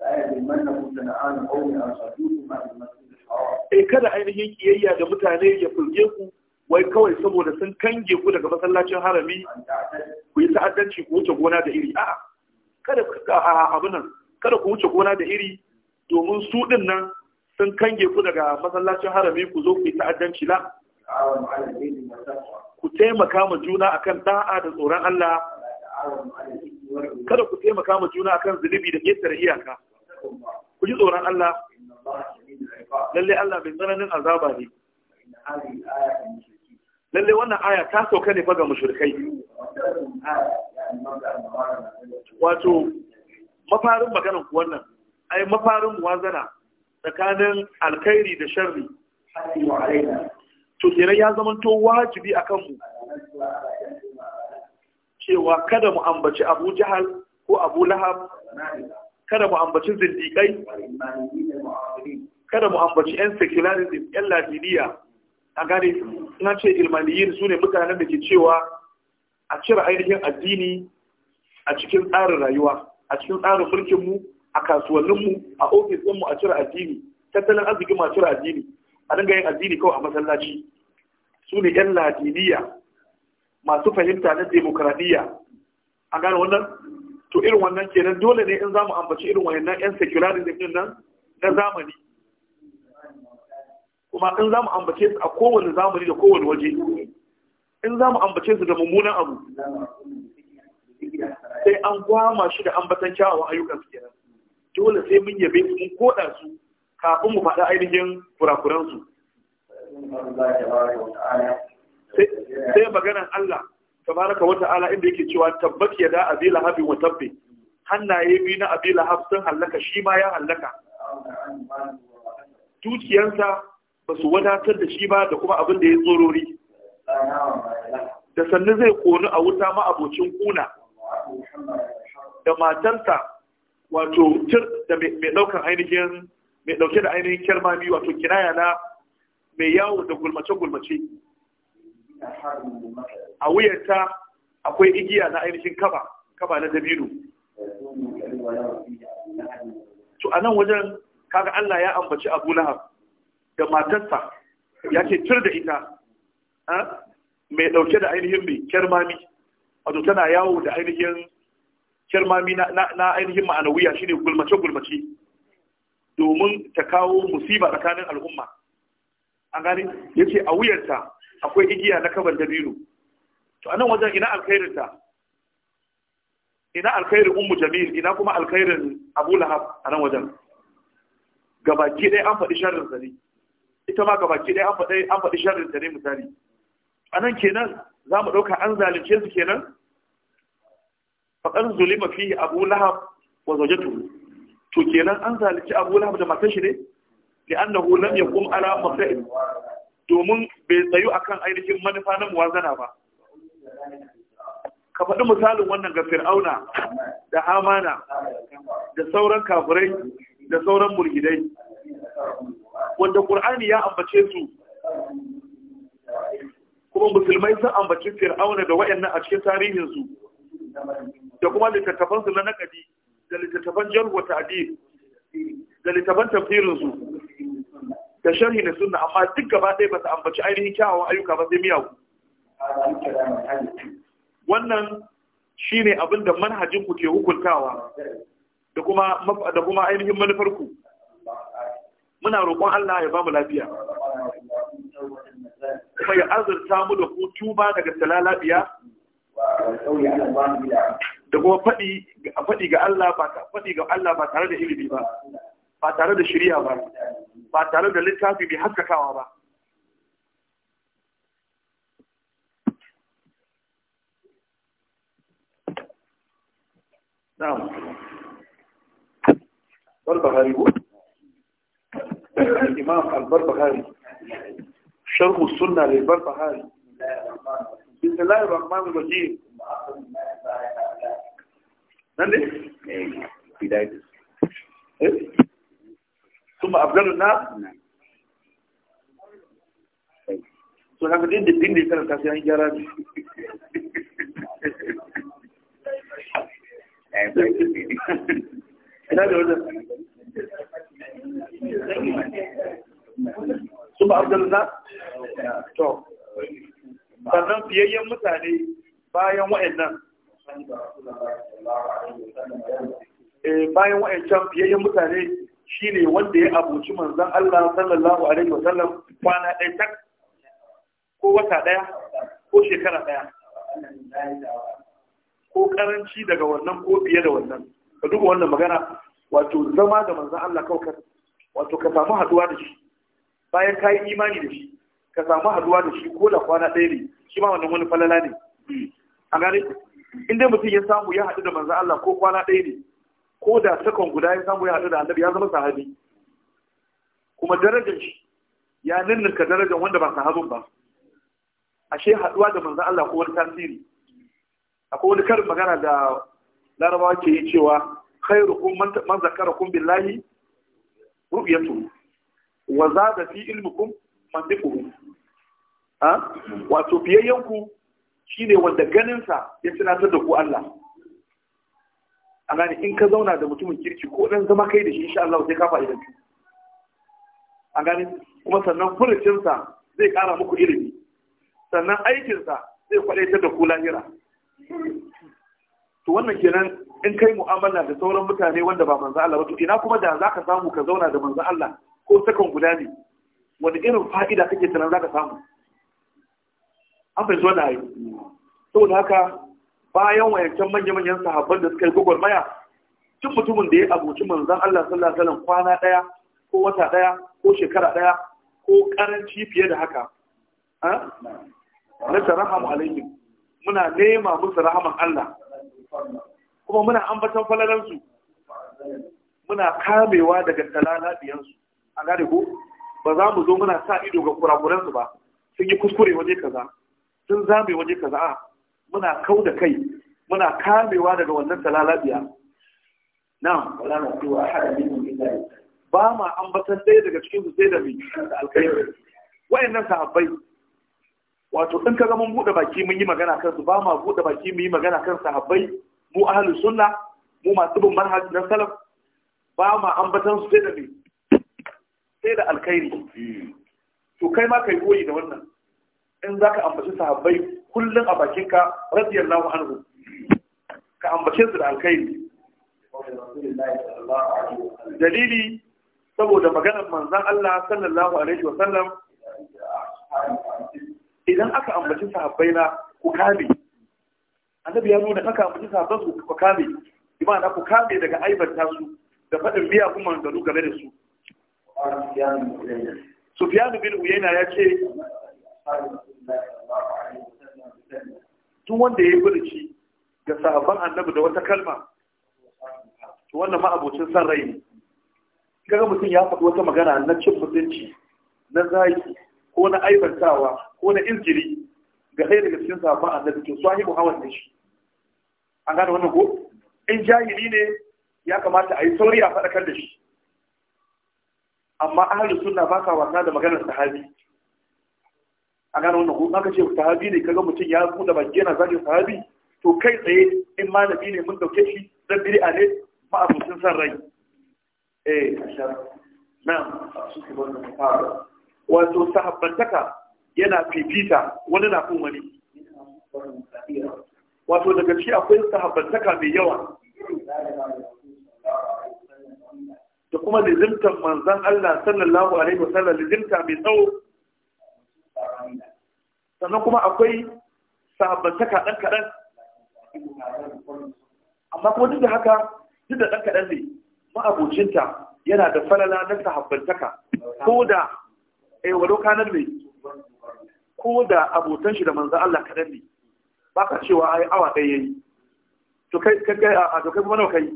ai eh, kada ainihin kiyayya da mutane ya fulge ku wai kawai saboda sun kange ku daga masallacin harami ku yi ta'addanci ku wuce gona da iri a'a kada ku abin nan kada ku wuce gona da iri domin su din nan sun kange ku daga masallacin harami ku zo ku yi ta'addanci la ku taimaka ma juna akan da'a da tsoron Allah kada ku taimaka ma juna akan zunubi da ƙetare iyaka ku ji tsoron Allah lalle Allah mai tsananin azaba ne lalle wannan aya ta sauka ne faga ga mushrikai wato mafarin maganar ku wannan ai mafarin wazana, tsakanin alkhairi da sharri to kenan ya zama to wajibi a kanmu cewa kada mu ambaci abu jahal ko abu lahab kada mu ambaci zindiƙai kada mu ambaci 'yan secularism 'yan lafiliya a gane na ce ilmaniyin su ne mutanen da ke cewa a cire ainihin addini a cikin tsarin rayuwa a cikin tsarin mulkinmu a kasuwanninmu a ofisinmu a cire addini tattalin arziki ma cire addini a dinga yin addini kawai a masallaci su ne yan ladiniya masu fahimta na demokradiyya a gane wannan to irin wannan kenan dole ne in za mu ambaci irin wannan yan secularism din nan na zamani kuma in za mu ambace su a kowane zamani da kowane waje in za mu ambace su da mummunan abu sai an gwama shi da ambatan kyawawan ayyukan su kenan dole sai mun yabe su mun koda su kafin mu faɗa ainihin kurakuransu sai maganan Allah tabaraka wa ta'ala inda yake cewa tabbat da abi lahabin wa tabbe, hannaye biyu na abi lahab sun hallaka shi ma ya hallaka dukiyansa ba su wadatar da shi ba da kuma abin da ya tsorori da sannu zai koni a wuta ma abocin kuna da matarsa wato tur da mai ɗaukar ainihin mai dauke da ainihin kyarmami wato kinaya na mai yawo da gulmace-gulmace a wuyarta akwai igiya na ainihin kaba kaba na dabino to a nan wajen kaga Allah ya ambaci Abu Lahab da matarsa ya ce tur da ita mai dauke da ainihin mai kyarmami wato tana yawo da ainihin kyarmami na ainihin ma'anawiya shine gulmace-gulmace domin ta kawo musiba tsakanin al'umma an gane ce a wuyarta akwai igiya na kaban dabino to anan wajen ina alkhairin ta ina alkhairin ummu jamil ina kuma alkhairin abu lahab anan wajen gabaki ɗaya an faɗi sharrin sa ne ita ma gabaki ɗaya an faɗi sharrin ta ne misali anan kenan za mu ɗauka an zalunce su kenan faɗar zulima fi abu lahab wa zawjatuhu to kenan an zalunci abu lahab da matan shi ne li'annahu lam yaqum ala mabda'i domin bai tsayu akan ainihin manufa na muwazana ba ka faɗi misalin wannan ga fir'auna da hamana da sauran kafirai da sauran murgidai wanda ƙur'ani ya ambace su kuma musulmai sun ambaci fir'auna da wayannan a cikin tarihinsu da kuma littattafansu na nakadi da littattafan jarwa ta'adil da littattafan tafsirin su da sharhi na sunna amma duk gaba ɗaya ba su ambaci ainihin kyawawan ayyuka ba sai miyawu wannan shine abin da manhajinku ke hukuntawa da kuma ainihin manufarku. muna roƙon Allah ya bamu lafiya kuma ya azurta mu da ku tuba daga talalabiya da kuma faɗi faɗi ga Allah ba tare da ilimi ba ba tare da shari'a ba ba tare da littafi mai haskakawa ba na'am barbahari ko imam al-barbahari sharh sunna lil-barbahari bismillahir rahmanir rahim nan ne eh? na so haka din da din da karanta sai an na to sannan fiyayyen mutane bayan wa'annan Eh, bayan wa'ancan biyayyen mutane shi ne wanda ya abuci manzan Allah sallallahu alaihi wasallam kwana ɗaya tak ko wata ɗaya ko shekara ɗaya ko karanci daga wannan ko fiye da wannan ka duba wannan magana wato zama da manzan Allah kawai wato ka samu haduwa da shi bayan ka yi imani da shi ka samu haduwa da shi ko da kwana ɗaya ne shi ma wannan wani falala ne a Inda mutum ya samu ya haɗu da manzan Allah ko kwana ɗaya ne ko da sakon guda ya samu ya haɗu da annabi ya zama sahabi kuma darajar shi ya ninninka darajar wanda ba sahabin ba ashe haɗuwa da manzan Allah ko wani tasiri akwai wani karin magana da larabawa ke yi cewa khairukum man zakarakum billahi ru'yatu wa zada fi Ilmukun, mantiquhu ha wato biyayyanku Shi ne wanda ganinsa ya tunatar da ku Allah a gani in ka zauna da mutumin kirki ko dan zama kai da shi insha Allah sai ka fa'ida ki a gani kuma sannan furucinsa zai ƙara muku ilimi sannan aikinsa zai kwaɗaitar da ku lahira to wannan kenan in kai mu'amala da sauran mutane wanda ba manzan Allah ba ina kuma da zaka samu ka zauna da manzan Allah ko sakan guda ne wani irin fa'ida kake tunan ka samu an fahimci wannan ayi saboda haka bayan wayancan manya-manyan sahabban da suka yi gwagwarmaya cin mutumin da ya abuci manzan Allah sallallahu alaihi wasallam kwana daya ko wata daya ko shekara daya ko karanci fiye da haka na eh? tarahamu alaihim muna nema musu rahaman Allah kuma muna ambatan falalansu muna kamewa daga talalabiyansu a gane ko ba za mu zo muna sa ido ga kurakuransu ba sun yi kuskure waje kaza sun zame waje kaza muna kau da kai muna kamewa daga wannan talalabiya na wala na tuwa hada min illa ba ma ambatan dai daga cikin su sai da mai alkhairi wayannan sahabbai wato in ka mun bude baki mun yi magana kan su ba ma bude baki mun yi magana kan sahabbai mu ahlus sunna mu masu bin manhajin na salaf ba ma ambatan su sai da mai sai da alkhairi hmm. to kai ma kai koyi da wannan in za ka ambaci sahabbai kullum a bakinka radiyallahu anhu ka ambace su da alkhairi dalili saboda maganar manzan Allah sallallahu alaihi wa sallam idan aka ambaci sahabbai na ku kame annabi ya nuna aka ambaci sahabban su ku kame imana ku kame daga aibanta su da faɗin biya kuma manzanu game da su Sufiyanu bin Uyayna ya ce tun wanda ya yi birci ga sahabban annabi da wata kalma wanda wannan ma'abocin san rai ne kaga mutum ya faɗi wata magana na cin mutunci na zaki ko na aibantawa ko na injiri ga ɗaya daga cikin sahabban annabi to sahibu hawan ne shi an gane wannan ko in jahili ne ya kamata a yi sauri a faɗakar da shi amma ahalin suna ba ka wasa da maganar sahabi a gane wannan hudu aka ce sahabi ne kaga mutum ya buɗe baki yana zagin sahabi to kai tsaye in malami ne mun dauke shi dan bid'a ne ma abucin san rai eh na'am suke wannan fara wato sahabbantaka yana fifita wani na kun wani wato daga shi akwai sahabbantaka mai yawa da kuma lizimtar manzan Allah sallallahu alaihi wasallam lizimta mai tsawo sannan kuma akwai sahabbantaka ɗan kaɗan amma kuma duk da haka duk da ɗan kaɗan ne ma'abocinta yana da falala na sahabbantaka ko da eh wado kanar ne ko da abotan shi da manzo Allah kaɗan ne ba ka cewa ai awa ɗaya yayi to kai kai a to kai kuma nawa kai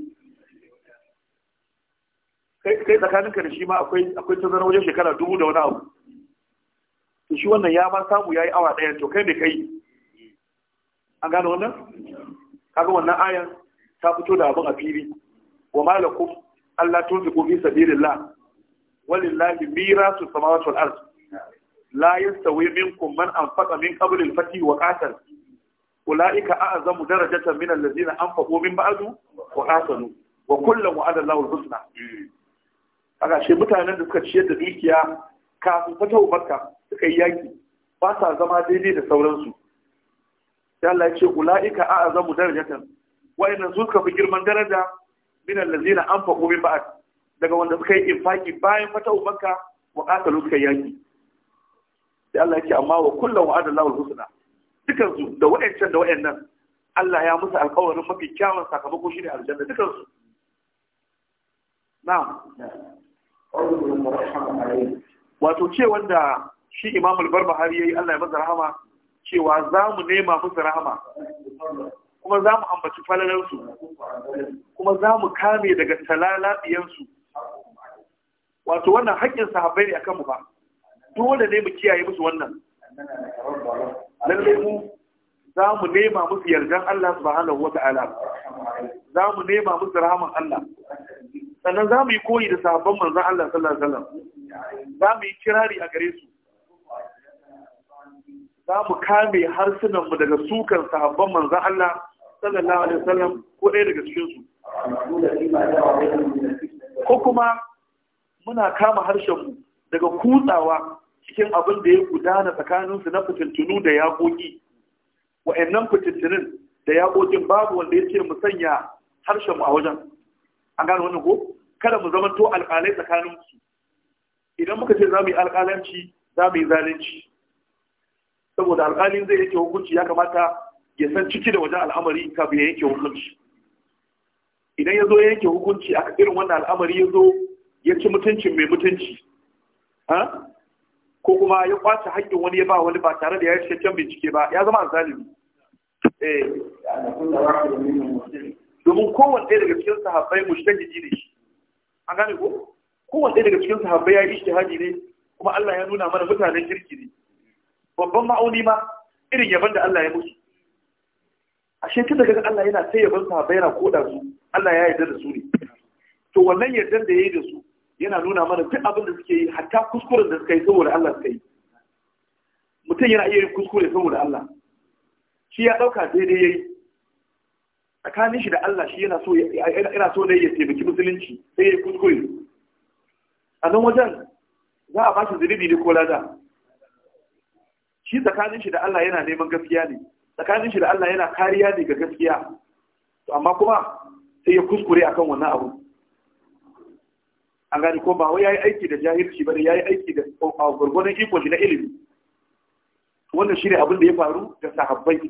kai tsakaninka da shi ma akwai akwai tazarar wajen shekara dubu da wani abu to shi wannan ya ba samu yi awa ɗaya, to kai da kai an gano wannan kaga wannan ayan ta fito da abin a fili wa malakum Allah tunfiqu fi sabilillah walillahi mirasu samawati wal ardh la min minkum man anfaqa min qabl al-fath wa qatal ulaika a'zamu darajatan min an anfaqu min ba'du wa qatalu wa kullu Wa Allahu al-husna hmm. A shi mutanen da suka ciyar da dukiya kafin wa makka suka yi yaki ba sa zama daidai da sauransu ya Allah ce ulaika a'zamu darajatan wa'annan su suka fi girman daraja min allazina anfaqu min ba'd daga wanda suka yi infaki bayan fata makka wa qatalu suka yaki ya Allah ce amma wa kullu wa'ada Allahu husna dukan su da wa'ancan da wa'annan Allah ya musu alƙawarin mafi kyawun sakamako shi ne aljanna dukan su na'am wato ce wanda shi imam al ya yayi Allah ya masa rahama cewa za mu nema musu rahama kuma za mu ambaci falalansu kuma za mu kame daga talalabiyansu wato wannan haƙƙin sahabbai ne a kanmu ba dole ne mu kiyaye musu wannan Lallai mu za mu nema musu yardan Allah subhanahu wata'ala za mu nema musu rahaman Allah sannan za mu yi koyi da sahabban manzon Allah sallallahu alaihi wasallam za mu yi kirari a gare su za mu kame harsunanmu daga sukan sahabban manzan Allah sallallahu alaihi wasallam ko ɗaya daga cikinsu ko kuma muna kama harshenmu daga kutsawa cikin abin da ya gudana tsakaninsu na fitintunu da yaƙoƙi wa'annan fitintunin da yaƙoƙin babu wanda ya ce mu sanya harshenmu a wajen an gane wani ko kada mu zama to alƙalai tsakaninsu idan muka ce za mu yi alƙalanci za mu yi zalunci saboda alƙalin zai yake hukunci ya kamata ya san ciki da wajen al'amari kafin ya yanke hukunci idan ya zo ya yanke hukunci a irin wannan al'amari ya zo ya ci mutuncin mai mutunci ko kuma ya kwace haƙƙin wani ya ba wani ba tare da ya yi cikakken bincike ba ya zama zalimi eh, domin kowanne ɗaya daga cikin sahabbai mushtahidi ne shi an gane ko kowanne ɗaya daga cikin sahabbai ya yi ishtihadi ne kuma Allah ya nuna mana mutanen kirki ne babban ma'auni ma irin yaban da Allah ya mutu. ashe tun daga Allah yana sai yaban sahabbai yana koda su Allah ya yarda da su ne to wannan yardar da ya yi da su yana nuna mana duk abin da suke yi hatta kuskuren da suka yi saboda Allah suka yi mutum yana iya yin kuskure saboda Allah shi ya ɗauka daidai yi. tsakanin shi da Allah shi yana so yana so ne ya taimaki musulunci sai ya yi kuskure a nan wajen za a ba shi zunubi ne ko lada shi tsakanin shi da Allah yana neman gaskiya ne tsakanin shi da Allah yana kariya ne ga gaskiya to amma kuma sai ya kuskure akan wannan abu an gani ko ba wai yayi aiki da jahilci bane yayi aiki da gurgurdan iko shi na ilimi wannan shine abin da ya faru da sahabbai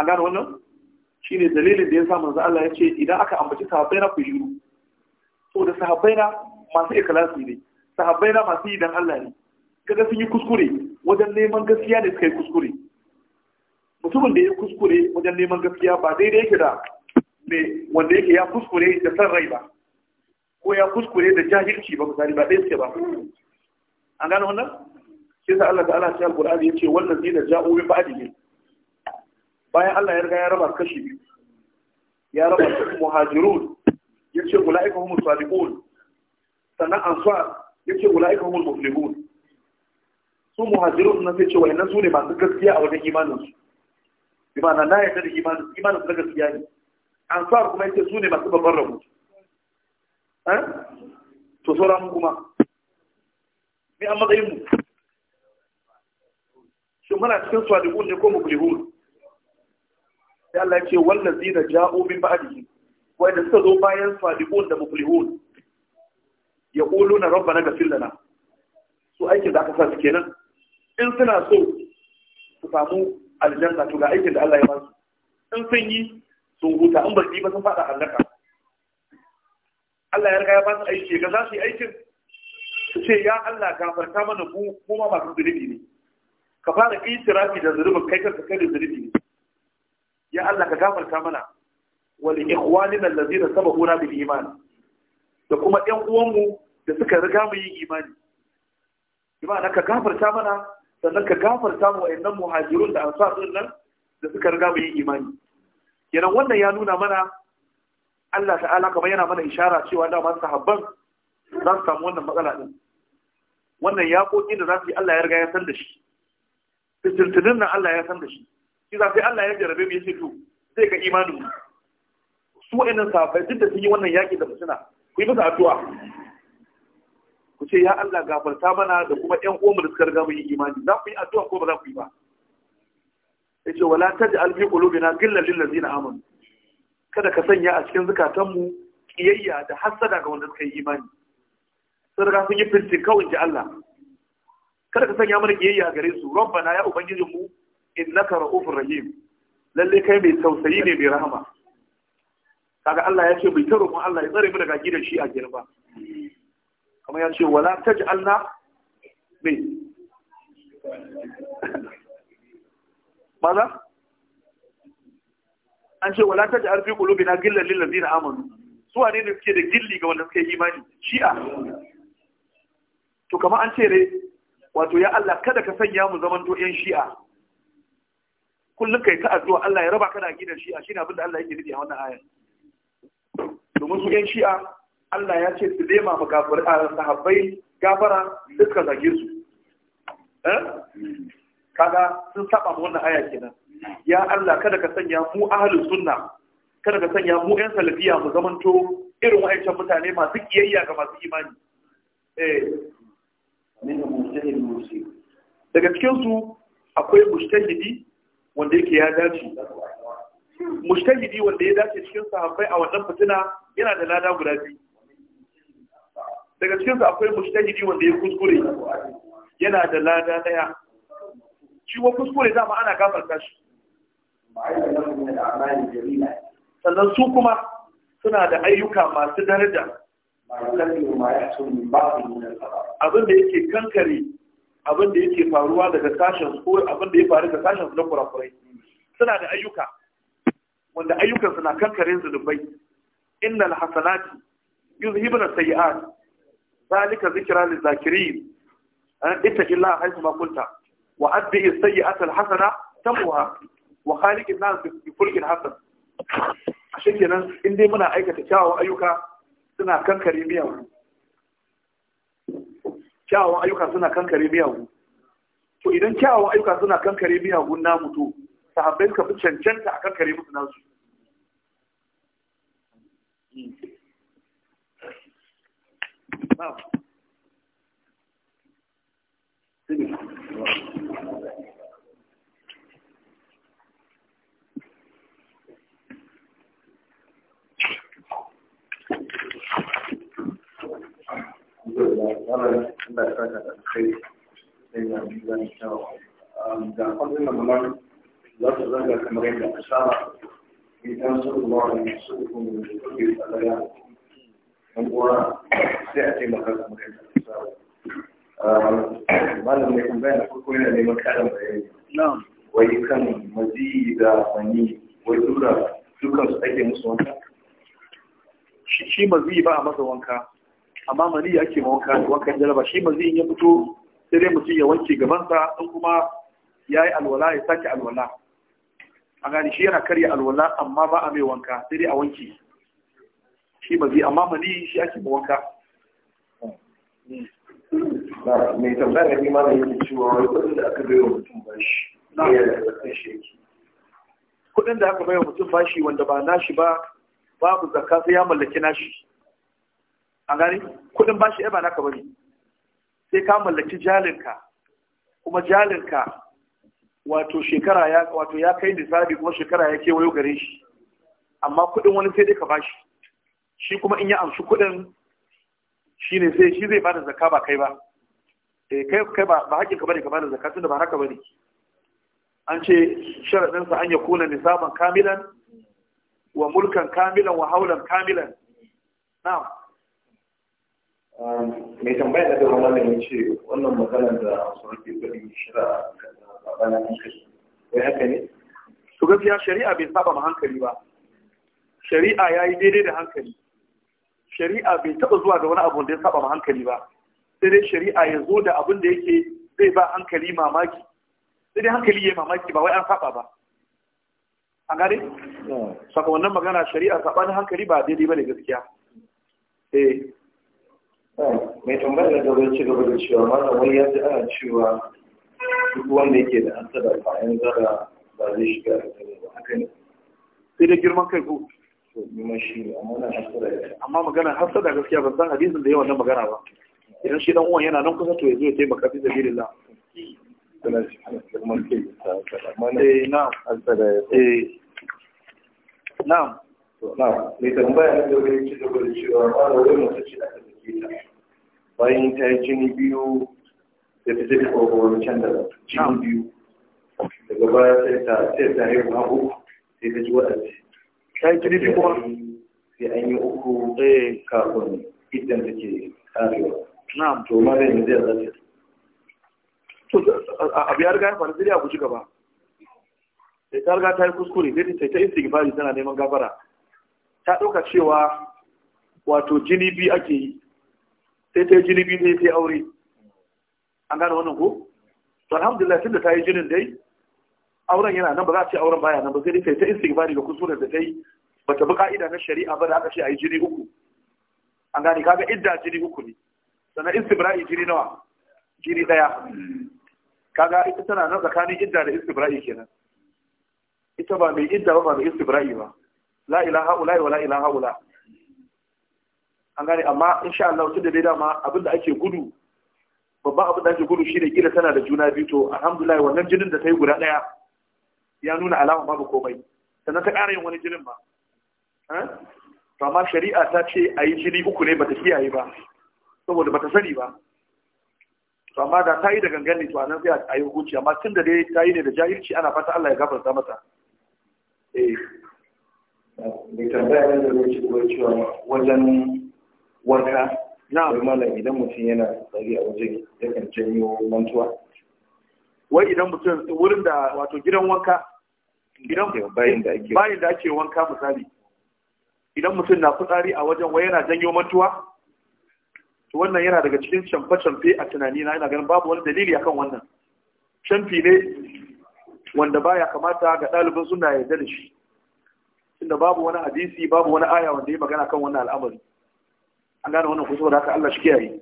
an gani wannan shine dalilin da ya sa manzo Allah ya ce idan aka ambaci sahabbai na ku shiru da sahabbai na masu ikhlasi ne sahabbai na masu yi Allah ne kaga sun yi kuskure wajen neman gaskiya ne suka yi kuskure mutumin da ya kuskure wajen neman gaskiya ba daidai yake da mai wanda yake ya kuskure da san rai ba ko ya kuskure da jahilci ba misali ba ɗaya suke ba an gane wannan sai sa Allah ta'ala cikin alqur'ani yace wannan zina ja'u min ba'dihi bayan Allah ya riga ya raba kashi biyu ya raba su muhajirun yace ulaika humus sadiqun sannan ansar yace ulaika humul muflihun su muhajirun na sai ce wayannan su ne masu gaskiya a wajen imanin su na yadda da imanin su imanin su na gaskiya ne sa kuma yake su ne masu babban rabo eh to sauran kuma Ni an matsayin mu shi muna cikin swadihun ne ko muflihun sai Allah ya ce da ja'u min ba'dihi wanda suka zo bayan swadihun da muflihun ya ƙulu na rabba na gafin lana su aikin da aka sa su kenan in suna so su samu aljanna to ga aikin da Allah ya basu in sun yi sun huta in ba su yi ba sun fada halaka Allah ya riga ya basu aiki ga za su yi aikin su ce ya Allah gafarta mana mu kuma masu zunubi ne ka fara kai sirafi da zunubin kai ka kai da zunubi ne ya Allah ka gafarta mana wa li ikhwanina allazina sabaquna bil iman da kuma ɗan uwanmu da suka riga mu yi imani imana ka gafarta mana sannan ka gafarta mu wa'annan muhajirun da ansar din nan da suka riga mu yi imani kenan wannan ya nuna mana Allah ta'ala kamar yana mana ishara cewa da masu sahabban za su samu wannan matsala din wannan yaƙoƙi da za su yi Allah ya riga ya san da shi fitintunin nan Allah ya san da shi shi za sai Allah ya jarabe mu ce to sai ka imanin mu su wa'annan sahabbai duk da sun yi wannan yaƙi da fitina ku yi musu addu'a ku ce ya Allah gafarta mana da kuma ƴan uwanmu da suka riga mun yi imani za ku yi addu'a ko ba za ku yi ba yace wala taj'al fi qulubina ghillan lil ladzina amanu kada ka sanya a cikin zukatanmu kiyayya da hasada ga wanda suka yi imani sai daga sun yi fitin kawai ji Allah kada ka sanya mana kiyayya gare su rabbana ya mu innaka ra'ufur rahim lalle kai mai tausayi ne mai rahama kaga Allah ya ce bai taro mu Allah ya tsare mu daga gidan shi a girba kamar ya ce wala taj'alna me maza an ce wala taj'al fi qulubina gillan lil ladina amanu su wane ne suke da gilli ga wanda suke imani shi'a to kamar an ce ne wato ya Allah kada ka sanya mu zaman to yan shi'a kullum kai ta addu'a Allah ya raba ka da gidan shi'a shine abin da Allah yake nufi a wannan ayar domin su yan shi'a Allah ya ce su dema ma sahabbai gafara duka zage su eh? kaga sun saba mu wannan aya kenan ya Allah kada ka sanya mu ahlus sunna kada ka sanya mu yan salafiya mu zamanto irin wa'ancan mutane masu kiyayya ga masu imani eh. daga cikin su akwai mushtahidi wanda yake ya dace Mushtahidi wanda ya dace cikin sahabbai a wannan fitina yana da lada guda biyu daga cikinsu akwai mushtahidi wanda ya kuskure yana da lada daya shi wa kuskure dama ana gafarta shi sannan su kuma suna da ayyuka masu daraja abin da yake kankare abin da yake faruwa daga sashen ko abin da ya faru daga sashen na kurakurai suna da ayyuka wanda ayyukan suna kankare zunubai innal hasanati yuzhibuna sayi'at zalika zikra lil zakirin an ittaqi Allah haythu ma kunta wa addi as-sayyi'ata al-hasana wa khaliq an-nas bi khulqin ashe kenan in dai muna aikata kyawawan ayyuka suna kankare miyawu kyawawan ayyuka suna kankare miyawu to idan kyawawan ayyuka suna kankare miyagun namu to sahabbai suka fi cancanta a kankare musu nasu hisab da kwanzin da ya za da kamar yadda a saba idan su kuma wani su kuma da yan uwa sai a taimaka su mutum da samu ah, malam ne tambaya na farko yana neman karin bayani wai kan mazi da mani wai dura dukan su ake musu wanka shi mazi ba a masa wanka amma mani ake ma wanka wankan jaraba shi mazi in ya fito sai dai mutum ya wanke gabansa in kuma ya yi alwala ya sake alwala a gani shi yana karya alwala amma ba a mai wanka sai dai a wanke shi zai amma mani shi ake ba wanka mai tambaya ne ma da yake cewa wani kudin da aka bai wa mutum bashi ya kudin da aka bai wa mutum bashi wanda ba nashi ba babu zakka sai ya mallaki nashi an gani kudin bashi ai ba naka bane sai ka mallaki jalinka kuma jalinka wato shekara ya wato ya kai nisabi kuma shekara ya kewayo gare shi amma kudin wani sai dai ka bashi shi kuma in ya amshi kuɗin shi ne sai shi zai bada zakka ba kai ba eh kai kai ba ba hakkin ka bane ka bada zakka tunda ba haka bane an ce sharadin sa an kula nisaban kamilan wa mulkan kamilan wa haulan kamilan na'am um, mai tambaya da kuma wannan ya ce wannan maganar da sarki gari shira ba ba hankali wai haka ne to gaskiya shari'a bai saba ma hankali ba shari'a yayi daidai da hankali shari'a bai taɓa zuwa ga wani abu da ya saba ma hankali ba sai dai shari'a ya zo da abin da yake zai ba hankali mamaki sai dai hankali ya mamaki ba wai an saba ba a gane saka wannan magana shari'a sabanin hankali ba daidai ba ne gaskiya eh mai tambaya da gaba ci gaba da cewa mana wani ya ji ana cewa duk wanda yake da hasada ba yan zara ba zai shiga da ba haka ne sai da girman kai ko amma magana hasada gaskiya ban san hadisin da yawan nan magana ba idan shi dan uwan yana nan kusa to ya zo ya taimaka fi sabilillah eh, na'am eh. na'am mai tambaya na gaba ya ci gaba da cewa ba da wani mutum ce aka sake ta bayan ta yi jini biyu da ta tafi kwakwalwar can da jini biyu daga baya sai ta sai ta haihu hagu sai ta ji waɗanda ta yi kirifi kuma sai an yi uku eh. kafin idan da ke karewa na to ma zai yi zai zafi to abu ya riga ya faru sai ya guji gaba sai ta riga ta yi kuskure sai ta ta istighfari tana neman gafara ta ɗauka cewa wato jini bi ake yi sai ta yi jini biyu sai ta yi aure an gane wannan ko to alhamdulillah tun da ta yi jinin dai auren yana nan ba za a ce auren baya nan ba sai dai ta istighfari da kusurar da kai bata bi ka'ida na shari'a ba da aka ce a yi jini uku an gane kaga idda jini uku ne sannan istibra'i jini nawa jini daya kaga ita tana nan tsakanin idda da istibra'i kenan ita ba mai idda ba ba mai istibra'i ba la ilaha ula wa la ilaha ula an gane amma insha Allah tun da dai dama abin da ake gudu babban abin da ake gudu shine kila tana da juna biyu to alhamdulillah wannan jinin da ta yi guda daya ya nuna alama babu komai sannan ta ƙara yin wani jinin ba eh? to amma shari'a ta ce a yi jini uku ne bata kiyaye ba saboda bata sani ba to amma da ta yi da gangan ne to anan sai a yi hukunci amma tun da dai ta yi ne da jahilci ana fata Allah ya gafarta mata eh mai tambaya ne da wuce ko cewa wajen warka. na malam idan mutum yana tsari a waje yakan janyo mantuwa wai idan mutum wurin da wato gidan wanka gidan bayan da ake wanka misali idan mutum na fitsari a wajen wai yana janyo mantuwa to wannan yana daga cikin camfe canfe a tunani na yana ganin babu wani dalili akan wannan canfi ne wanda baya kamata ga ɗalibin suna yarda da shi tunda babu wani hadisi babu wani aya wanda ya magana kan wannan al'amari an gane wannan kusa da haka Allah shi kiyaye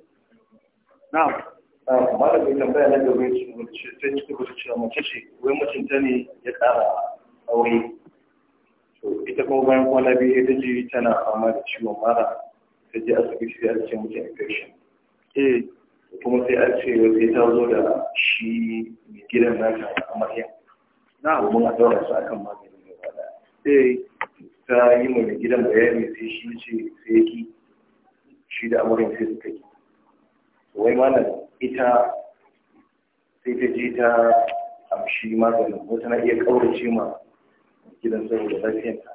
na'am Ah, malamin tambaya na gaba ta sai gaba cewa mace ce wai mutunta ne ya ƙara aure to ita kuma bayan kwana biyu ita ce tana fama da ciwon mara ta je asibiti sai an ce mutum infection eh kuma sai an ce wai ta zo da shi mai gidan nata amarya na domin a daura su akan maganin gaba da eh ta yi mai gidan bayani sai shi ce sai ya ki shi da amurin sai suka ki wai mana ita sai ta ji ta amshi maganin ko tana iya kaurace ma gidan saboda lafiyanta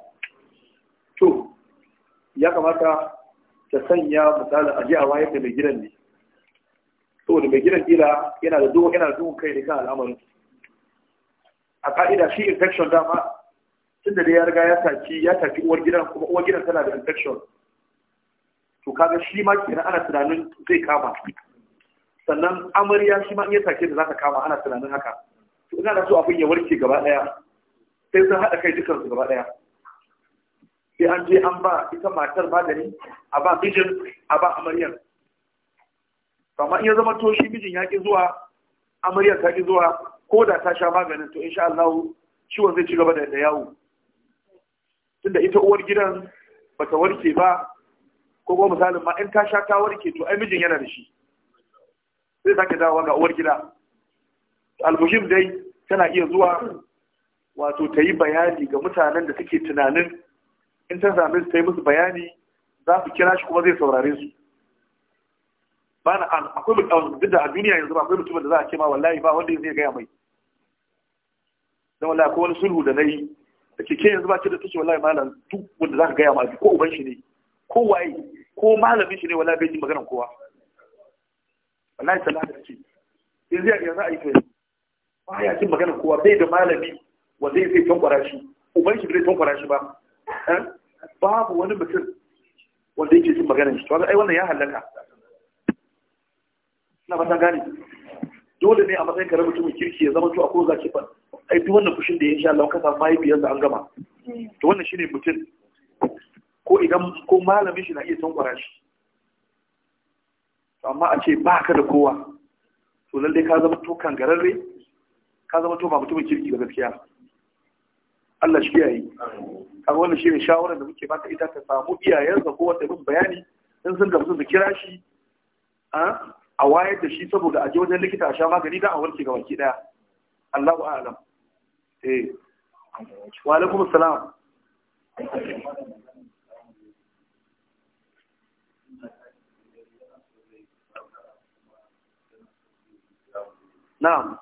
to ya kamata ta sanya misali a ji a wayar da mai gidan ne saboda mai gidan kila yana da duhu yana da duhun kai da kan al'amarin a ka'ida shi infection dama tun da ya riga ya tafi ya tafi uwar gidan kuma uwar gidan tana da infection to kaga shi ma kenan ana tunanin zai kama sannan amarya shi ma in ya take da ka kama ana tunanin haka to ina da so abin ya warke gaba daya sai sun haɗa kai dukkan su gaba daya sai an je an ba ita matar magani a ba mijin a ba amaryar amma in ya zama to shi mijin ya ki zuwa amaryar ta ki zuwa ko da ta sha maganin to insha Allah ciwon zai ci gaba da yawo tunda ita uwar gidan bata warke ba ko kuma misalin ma in ta sha ta warke to ai mijin yana da shi zai sake dawo ga uwar gida almuhim dai tana iya zuwa wato ta yi bayani ga mutanen da suke tunanin in ta same su ta yi musu bayani za su kira shi kuma zai saurare su ba na akwai duk da a duniya yanzu ba akwai mutumin da za a ce ma wallahi ba wanda zai gaya mai dan wallahi akwai wani sulhu da na yi da ke yanzu ba ce da tashi, wallahi malam duk wanda za ka gaya ma ko uban shi ne ko waye ko malamin shi ne wallahi bai ji maganar kowa wallahi salatu ce in zai ya za a yi kai ba ya cin magana kowa bai da malami wanda ya zai tankwara shi uban shi bai tankwara shi ba eh? babu wani mutum wanda yake cin magana shi to ai wannan ya halaka ina ba ta gane dole ne a matsayin kare mutumin kirki ya zama to a ko zaki fa ai duk wannan fushin da ya insha Allah ka samu mahaifiyar da an gama to wannan shine mutum ko idan ko malamin shi na iya tankwara shi amma a ce ba ka da kowa to lallai ka zama to kangararre ka zama to ba mutumin kirki ba gaskiya Allah shi yayi kaga wannan shi ne shawarar da muke baka ita ta samu iyayensa ko wanda mun bayani in sun gamsu da kira shi a wayar da shi saboda a je wajen likita a sha magani da a warke ga baki daya Allahu a'lam eh wa alaikum assalam na'am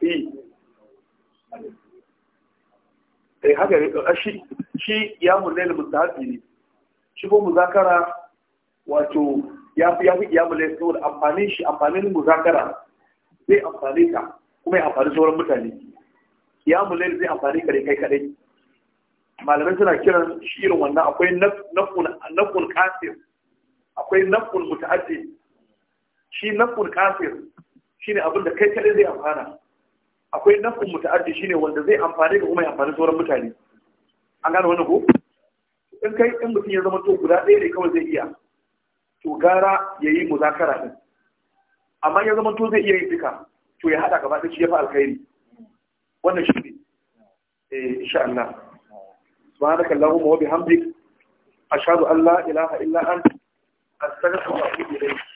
e. eh haka ne ah, shi shi ya mulal mustahabi ne shi ko muzakara wato ya fi ya ya mulal saboda amfanin shi amfanin muzakara zai amfani ka kuma ya amfani sauran mutane qiyamul layl zai amfani kare kai kadai malamai suna kiran shi irin wannan akwai nafun nafun kasir akwai nafun mutaaddi shi nafun kasir shine abin da kai kadai zai amfana akwai nafun mutaaddi shine wanda zai amfani da kuma ya amfani sauran mutane an gane wannan ko in kai in mutum ya zama to guda ɗaya ne kawai zai iya to gara ya yi muzakara din amma ya zama to zai iya yin duka to ya haɗa gaba ɗaya shi ya fi alkhairi wannan shi ne eh insha Allah subhanaka allahumma wa bihamdik ashhadu an la ilaha illa anta astaghfiruka wa atubu ilayk